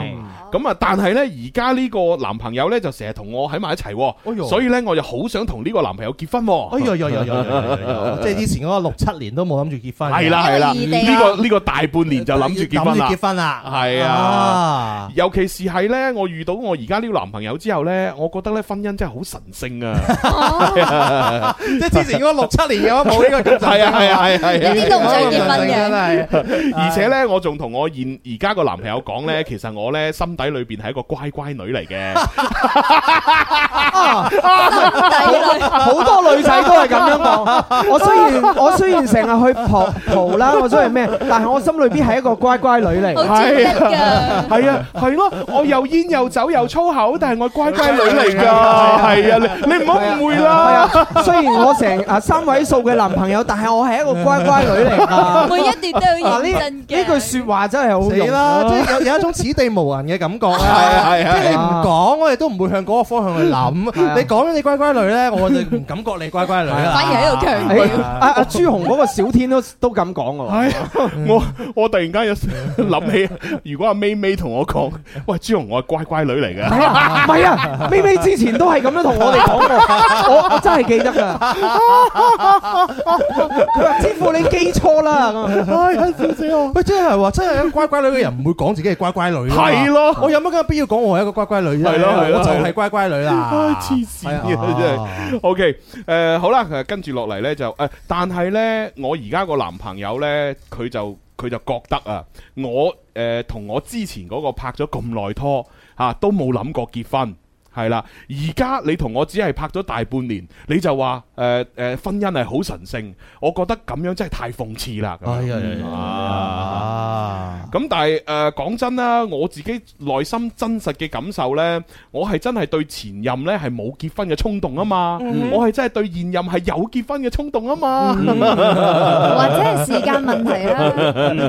咁啊、嗯，但係咧而家呢個男朋友咧就成日同我喺埋一齊，哎、呦所以咧我又好想同呢個男朋友結婚，哎呀呀呀呀！啊、即係之前嗰個六七年都冇諗住結婚，係啦係啦，呢個呢個大半年就諗住結婚啦，結婚啦，係啊，尤其是喺咧我遇到我而家呢個男朋友之後咧，我覺得咧婚姻真係好神聖啊！即係之前嗰個六七年都冇呢個咁就係啊係啊係啊，呢啲都唔想結婚嘅，而且咧我仲同我現而家個男朋友講咧，其實我咧心底裏邊係一個乖乖女嚟嘅，好、啊、 [laughs] 多女好多女仔都係咁樣講。我雖然我雖然成日去蒲蒲啦，我真係咩，但係我心裏邊係一個乖乖女嚟，係啊，係啊，係咯，我又煙又酒又粗口，但係我乖乖女嚟㗎，係啊，你你唔好誤會啦。雖然我成啊三位數嘅男朋友，但係我係一個乖乖女嚟。每一段都要認真嘅。呢呢句説話真係好用啦，即係有有一種此地無人嘅感覺，係啊係啊。即係你唔講，我哋都唔會向嗰個方向去諗。你講你乖乖女咧，我就唔感覺你乖乖女啦。反而喺度強。阿阿朱紅嗰個小天都都咁講喎，我我突然間有諗起，如果阿咪咪同我講，喂，朱紅我係乖乖女嚟嘅，唔係啊，咪咪之前都係咁樣同我哋講過，我我真係記得噶，佢話，師傅你記錯啦，哎呀笑死我，佢真係話真係乖乖女嘅人唔會講自己係乖乖女。係咯，我有乜咁必要講我係一個乖乖女啫，係咯係，我就係乖乖女啦，黐線嘅真係，OK，誒好啦，跟住落嚟咧。就誒，但係咧，我而家個男朋友咧，佢就佢就覺得啊，我誒同、呃、我之前個拍咗咁耐拖，啊都冇諗過結婚。係啦，而家你同我只係拍咗大半年，你就話誒誒，婚姻係好神聖，我覺得咁樣真係太諷刺啦。係啊，咁但係誒講真啦，我自己內心真實嘅感受呢，我係真係對前任呢係冇結婚嘅衝動啊嘛，我係真係對現任係有結婚嘅衝動啊嘛，或者係時間問題啦。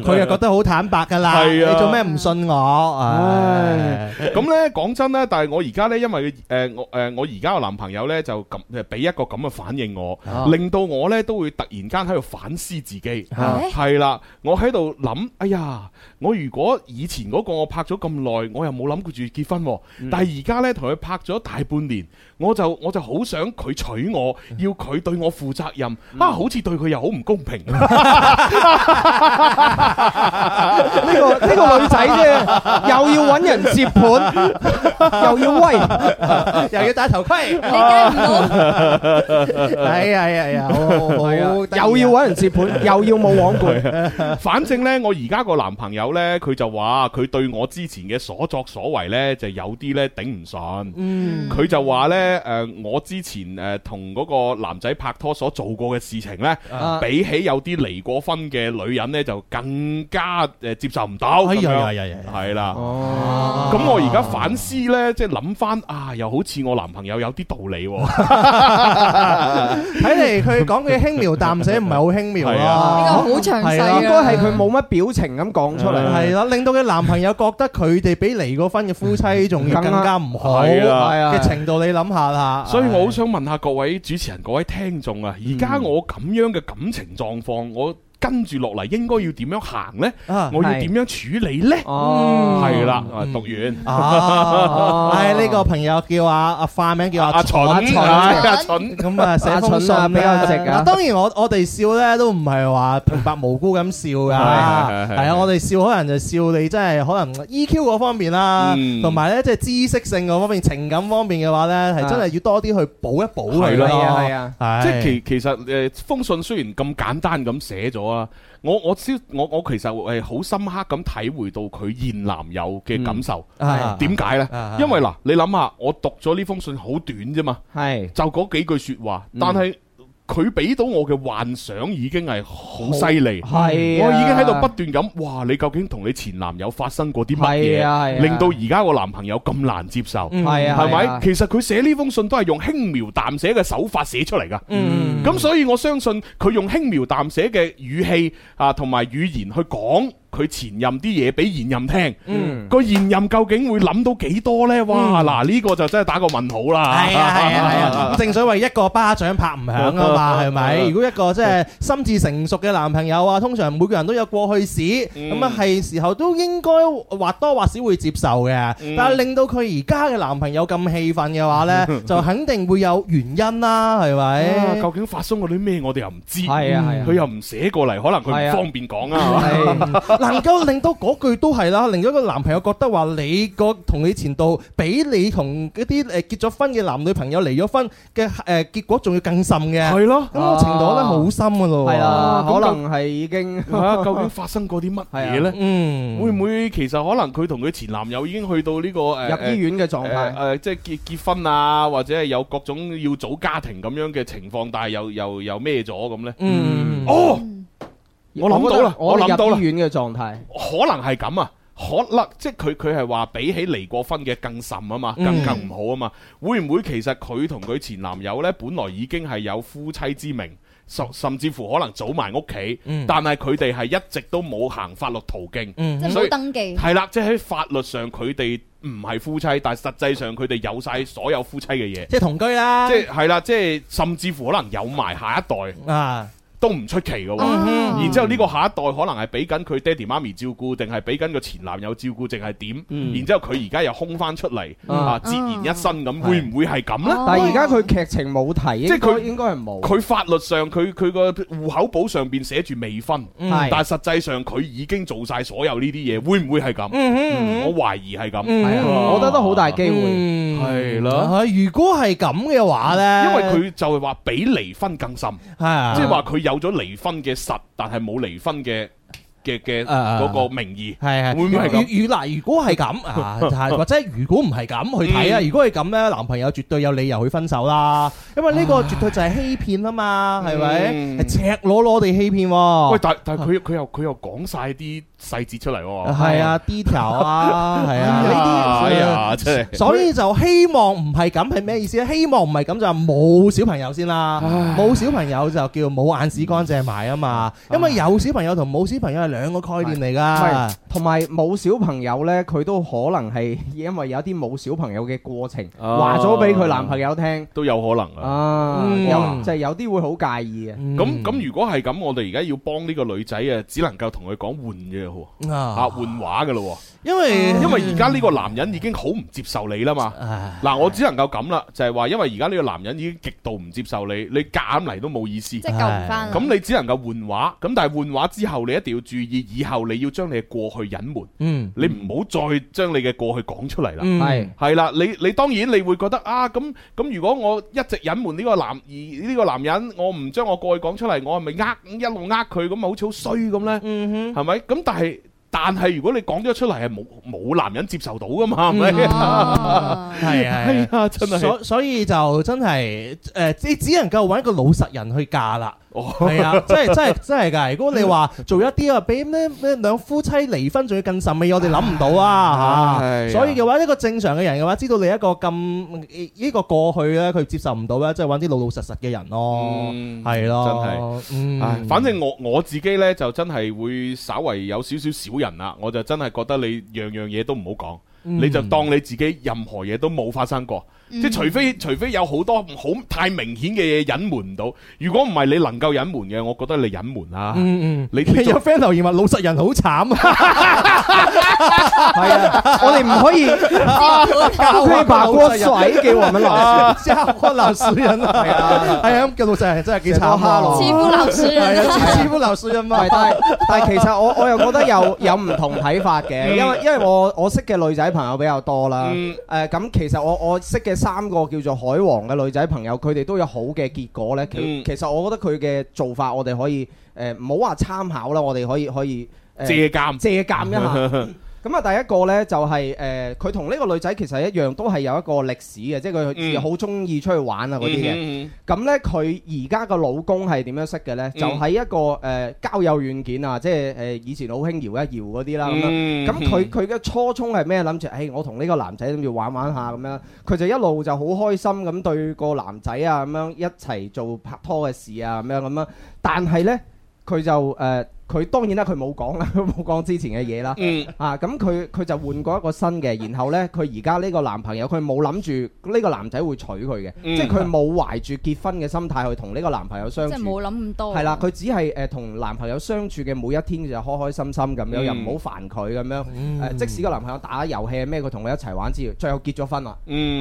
佢又覺得好坦白噶啦，你做咩唔信我？唉，咁呢講真呢，但係我而家呢。因因為誒，我誒，我而家個男朋友呢，就咁，俾一個咁嘅反應我，啊、令到我呢都會突然間喺度反思自己，係啦、啊，我喺度諗，哎呀，我如果以前嗰個我拍咗咁耐，我又冇諗過住結婚，但係而家呢，同佢拍咗大半年。我就我就好想佢娶我，要佢對我負責任，啊，好似對佢又好唔公平。呢個呢個女仔啫，又要揾人接盤，又要威，又要戴頭盔，哎呀呀呀，好，又要揾人接盤，又要冇網配。反正咧，我而家個男朋友咧，佢就話佢對我之前嘅所作所為咧，就有啲咧頂唔順。佢就話咧。誒，我之前誒同嗰個男仔拍拖所做過嘅事情咧，比起有啲離過婚嘅女人咧，就更加誒接受唔到。係啦，咁我而家反思咧，即係諗翻啊，又好似我男朋友有啲道理。睇嚟佢講嘅輕描淡寫唔係好輕描啊，呢個好詳細啊。應該係佢冇乜表情咁講出嚟。係啦，令到佢男朋友覺得佢哋比離過婚嘅夫妻仲更加唔好嘅程度，你諗。所以，我好想問下各位主持人、各位聽眾啊，而家我咁樣嘅感情狀況，我。跟住落嚟應該要點樣行咧？我要點樣處理咧？係啦，讀完係呢個朋友叫阿阿化名叫阿蠢，蠢咁啊，寫封信俾我食啊！當然我我哋笑咧都唔係話平白無辜咁笑噶，係啊！我哋笑可能就笑你真係可能 EQ 嗰方面啦，同埋咧即係知識性嗰方面、情感方面嘅話咧，係真係要多啲去補一補佢咯。係啊，即係其其實誒封信雖然咁簡單咁寫咗。我我知我我其實係好深刻咁體會到佢現男友嘅感受，係點解呢？因為嗱，你諗下，我讀咗呢封信好短啫嘛，係就嗰幾句說話，但係。佢俾到我嘅幻想已經係好犀利，啊、我已經喺度不斷咁，哇！你究竟同你前男友發生過啲乜嘢，啊啊、令到而家我男朋友咁難接受，係咪、啊？吧啊啊、其實佢寫呢封信都係用輕描淡寫嘅手法寫出嚟噶，咁、啊啊啊、所以我相信佢用輕描淡寫嘅語氣啊，同埋語言去講。佢前任啲嘢俾現任聽，個現任究竟會諗到幾多呢？哇！嗱，呢個就真係打個問號啦。係啊係啊！咁正所謂一個巴掌拍唔響啊嘛，係咪？如果一個即係心智成熟嘅男朋友啊，通常每個人都有過去史，咁啊係時候都應該或多或少會接受嘅。但係令到佢而家嘅男朋友咁氣憤嘅話呢，就肯定會有原因啦，係咪？究竟發生過啲咩？我哋又唔知。係啊係啊。佢又唔寫過嚟，可能佢唔方便講啊。能夠令到嗰句都係啦，令到個男朋友覺得話你個同你前度比你同嗰啲誒，結咗婚嘅男女朋友離咗婚嘅，誒結果仲要更甚嘅，係咯，咁個程度咧好深嘅咯，係啊，可能係已經嚇，究竟發生過啲乜嘢咧？嗯，會唔會其實可能佢同佢前男友已經去到呢個誒入醫院嘅狀態？誒，即係結結婚啊，或者係有各種要組家庭咁樣嘅情況，但係又又又咩咗咁咧？嗯，哦。我諗到啦，我諗到啦，遠嘅狀態可能係咁啊，可能即係佢佢係話比起離過婚嘅更甚啊嘛，嗯、更更唔好啊嘛，會唔會其實佢同佢前男友呢？本來已經係有夫妻之名，甚至乎可能組埋屋企，嗯、但係佢哋係一直都冇行法律途徑，嗯、以即係冇登記，係啦，即係喺法律上佢哋唔係夫妻，但係實際上佢哋有晒所有夫妻嘅嘢，即係同居啦，即係係啦，即係甚至乎可能有埋下一代啊。都唔出奇嘅喎，然之後呢個下一代可能係俾緊佢爹哋媽咪照顧，定係俾緊個前男友照顧，定係點？然之後佢而家又空翻出嚟啊，孑然一身咁，會唔會係咁咧？但係而家佢劇情冇提，即係佢應該係冇。佢法律上佢佢個戶口簿上邊寫住未婚，但係實際上佢已經做晒所有呢啲嘢，會唔會係咁？我懷疑係咁，我覺得都好大機會。係咯，如果係咁嘅話呢，因為佢就係話比離婚更深，即係話佢有。有咗離婚嘅實，但係冇離婚嘅嘅嘅嗰個名義，係係、啊、會唔會係咁？如如如果係咁 [laughs] 啊，或者如果唔係咁去睇啊，嗯、如果係咁咧，男朋友絕對有理由去分手啦，因為呢個絕對就係欺騙啊嘛，係咪唉？係、嗯、赤裸裸地欺騙喎、啊。喂，但但係佢佢又佢又講晒啲細節出嚟喎，係啊，detail 啊，係啊，係啊，呢啲，所以就希望唔係咁係咩意思咧？希望唔係咁就冇小朋友先啦，冇小朋友就叫冇眼屎乾淨埋啊嘛，因為有小朋友同冇小朋友係兩個概念嚟㗎，同埋冇小朋友咧佢都可能係因為有啲冇小朋友嘅過程話咗俾佢男朋友聽，都有可能啊，就係有啲會好介意啊。咁咁如果係咁，我哋而家要幫呢個女仔啊，只能夠同佢講換嘅。啊，換畫嘅咯，因為因為而家呢個男人已經好唔接受你啦嘛。嗱唉，我只能夠咁啦，就係話因為而家呢個男人已經極度唔接受你，你減嚟，都冇意思，即係救唔翻。咁你只能夠換畫，咁但係換畫之後，你一定要注意，以後你要將你嘅過去隱瞞，嗯，你唔好再將你嘅過去講出嚟啦，係係啦，你你當然你會覺得啊，咁咁如果我一直隱瞞呢個男而呢個男人，我唔將我過去講出嚟，我係咪呃一路呃佢咁好似好衰咁呢，嗯係咪？咁但係。但係如果你講咗出嚟係冇冇男人接受到噶嘛，係咪？係啊， [laughs] 哎、所以所以就真係誒，你、呃、只能夠揾一個老實人去嫁啦。係、哦、 [laughs] 啊，真係真係真係噶！如果你話做一啲啊， [laughs] 比咩咩兩夫妻離婚仲要更甚，我哋諗唔到啊吓。哎、呀啊所以嘅話，一個正常嘅人嘅話，知道你一個咁呢個過去咧，佢接受唔到咧，即係揾啲老老實實嘅人咯，係、嗯、咯。真係，嗯、反正我我自己呢，就真係會稍為有少少小人啦，我就真係覺得你樣樣嘢都唔好講。你就當你自己任何嘢都冇發生過，即係除非除非有好多好太明顯嘅嘢隱瞞唔到，如果唔係你能夠隱瞞嘅，我覺得你隱瞞啦。嗯嗯，你你有 friend 留言話老實人好慘，係啊，我哋唔可以，可以把鍋甩給我們老，將啊，係啊，咁嘅老實人真係幾慘下咯，欺負老實人啊，欺負流水人嘛。但係但係其實我我又覺得有有唔同睇法嘅，因為因為我我識嘅女仔。朋友比較多啦，咁、嗯呃、其實我我識嘅三個叫做海王嘅女仔朋友，佢哋都有好嘅結果呢。其、嗯、其實我覺得佢嘅做法我，呃，我哋可以誒唔好話參考啦，我哋可以可以、呃、借鑑借鑑一下。 [laughs] 咁啊，第一個呢就係、是、誒，佢同呢個女仔其實一樣，都係有一個歷史嘅，即係佢好中意出去玩啊嗰啲嘅。咁、嗯、呢，佢而家個老公係點樣識嘅呢？嗯、就係一個誒、呃、交友軟件啊，即係誒、呃、以前好興搖一搖嗰啲啦咁樣。咁佢佢嘅初衷係咩？諗住誒，我同呢個男仔咁要玩玩下咁樣。佢就一路就好開心咁對個男仔啊，咁樣一齊做拍拖嘅事啊，咁樣咁樣。但係呢，佢就誒。呃呃佢當然啦，佢冇講啦，冇講之前嘅嘢啦。嗯、啊，咁佢佢就換過一個新嘅，然後呢，佢而家呢個男朋友，佢冇諗住呢個男仔會娶佢嘅，嗯、即係佢冇懷住結婚嘅心態去同呢個男朋友相處。即係冇諗咁多。係啦、啊，佢只係誒同男朋友相處嘅每一天就開開心心咁樣，又唔好煩佢咁樣。即使個男朋友打遊戲咩，佢同佢一齊玩之餘，最後結咗婚啦。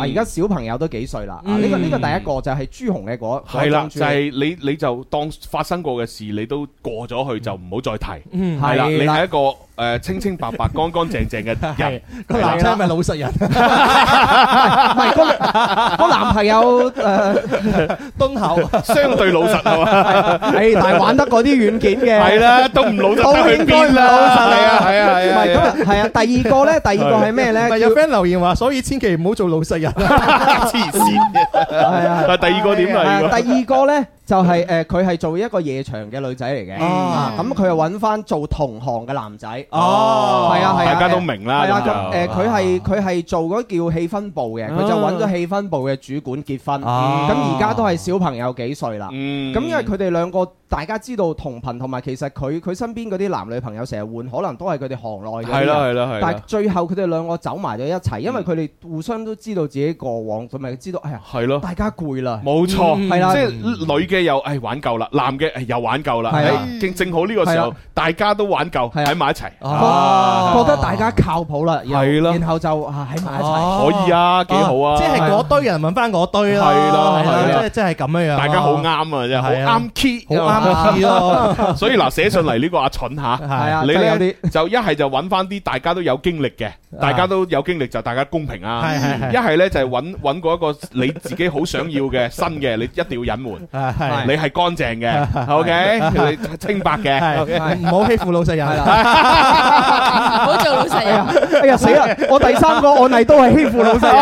而家、嗯啊、小朋友都幾歲啦？呢、啊這個呢、這個第一個就係朱紅嘅嗰。係啦、嗯，啊這個、就係你你就當發生過嘅事，你都過咗去就唔唔好再提，係啦，你係一個誒清清白白、乾乾淨淨嘅人，個男仔咪老實人，唔係個個男朋友誒敦厚，相對老實，係嘛？係但係玩得嗰啲軟件嘅，係啦，都唔老實，都變啦，係啊係啊，唔係咁啊，係啊，第二個咧，第二個係咩咧？有 friend 留言話，所以千祈唔好做老實人，黐線嘅，係啊，第二個點嚟？第二個咧。就係、是、誒，佢、呃、係做一個夜場嘅女仔嚟嘅，咁佢又揾翻做同行嘅男仔。哦，係啊，係啊，啊大家都明啦。誒、啊，佢係佢係做嗰叫氣氛部嘅，佢就揾咗氣氛部嘅主管結婚。咁而家都係小朋友幾歲啦？咁、啊嗯、因為佢哋兩個。大家知道同頻同埋，其實佢佢身邊嗰啲男女朋友成日換，可能都係佢哋行內嘅人。係啦係啦係。但係最後佢哋兩個走埋咗一齊，因為佢哋互相都知道自己過往，佢咪知道哎呀，係咯，大家攰啦，冇錯，係啦，即係女嘅又哎玩夠啦，男嘅又玩夠啦，喺正正好呢個時候大家都玩夠，喺埋一齊，覺得大家靠譜啦，係然後就喺埋一齊，可以啊幾好啊，即係嗰堆人問翻嗰堆啦，係啦，即係即係咁樣樣，大家好啱啊，真係啱 key，好啱。係咯，所以嗱寫上嚟，呢個阿蠢吓，係啊，就一係就搵翻啲大家都有經歷嘅，大家都有經歷就大家公平啊。一係咧就係搵搵過一個你自己好想要嘅新嘅，你一定要隱瞞，你係乾淨嘅，OK，你清白嘅，唔好欺負老實人，唔好做老實人。哎呀死啦！我第三個案例都係欺負老實人，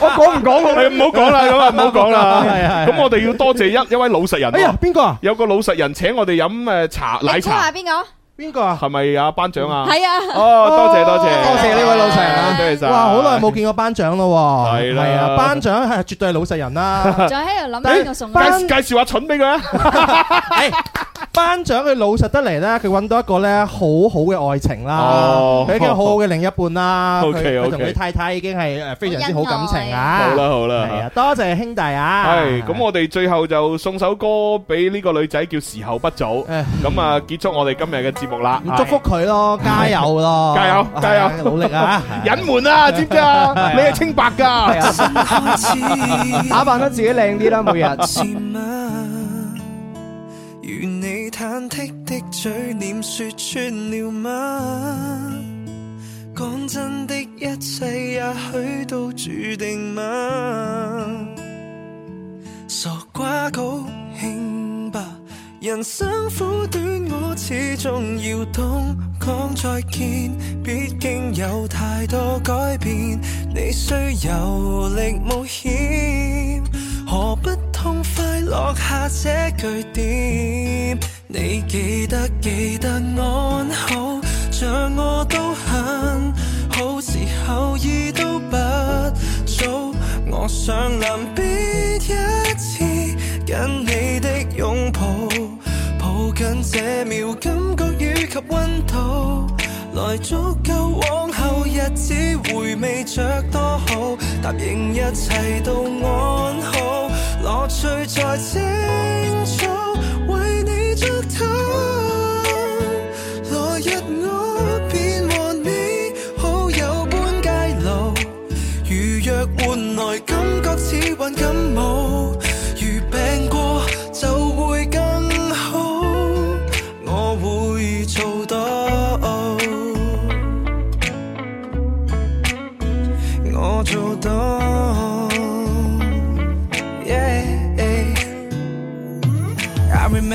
我講唔講啊？唔好講啦，咁啊唔好講啦。咁我哋要多謝一一位老實人。哎呀，邊個啊？個老實人請我哋飲誒茶奶茶，邊個？邊個啊？係咪阿班長啊？係啊！哦，多謝多謝，多謝呢位老實人，多謝晒。對對對哇，好耐冇見過班長咯，係啦，啊，班長係絕對係老實人啦，啊。仲喺度諗邊個送，欸介紹？介介紹下蠢俾佢啊！ [laughs] [laughs] 欸班長佢老實得嚟咧，佢揾到一個咧好好嘅愛情啦，哦，佢已經好好嘅另一半啦，佢同佢太太已經係誒非常之好感情啊。好啦好啦，係啊，多謝兄弟啊。係咁，我哋最後就送首歌俾呢個女仔，叫時候不早。咁啊，結束我哋今日嘅節目啦。祝福佢咯，加油咯，加油加油，努力啊！隱瞞啊，知唔知啊？你係清白噶，打扮得自己靚啲啦，每日。忐忑的嘴臉説穿了嗎？講真的一切也許都注定嗎？傻瓜高興吧，人生苦短，我始終要懂講再見。畢竟有太多改變，你需有力冒險，何不痛快落下這句點？你記得記得安好，像我都很好，時候已都不早。我想臨別一次跟你的擁抱，抱緊這秒感覺與及温度，來足夠往後日子回味着。多好，答應一切都安好，樂趣在清楚。為你。祝他，來日我便和你好友般偕老。如若換來感覺似患感冒。 [music]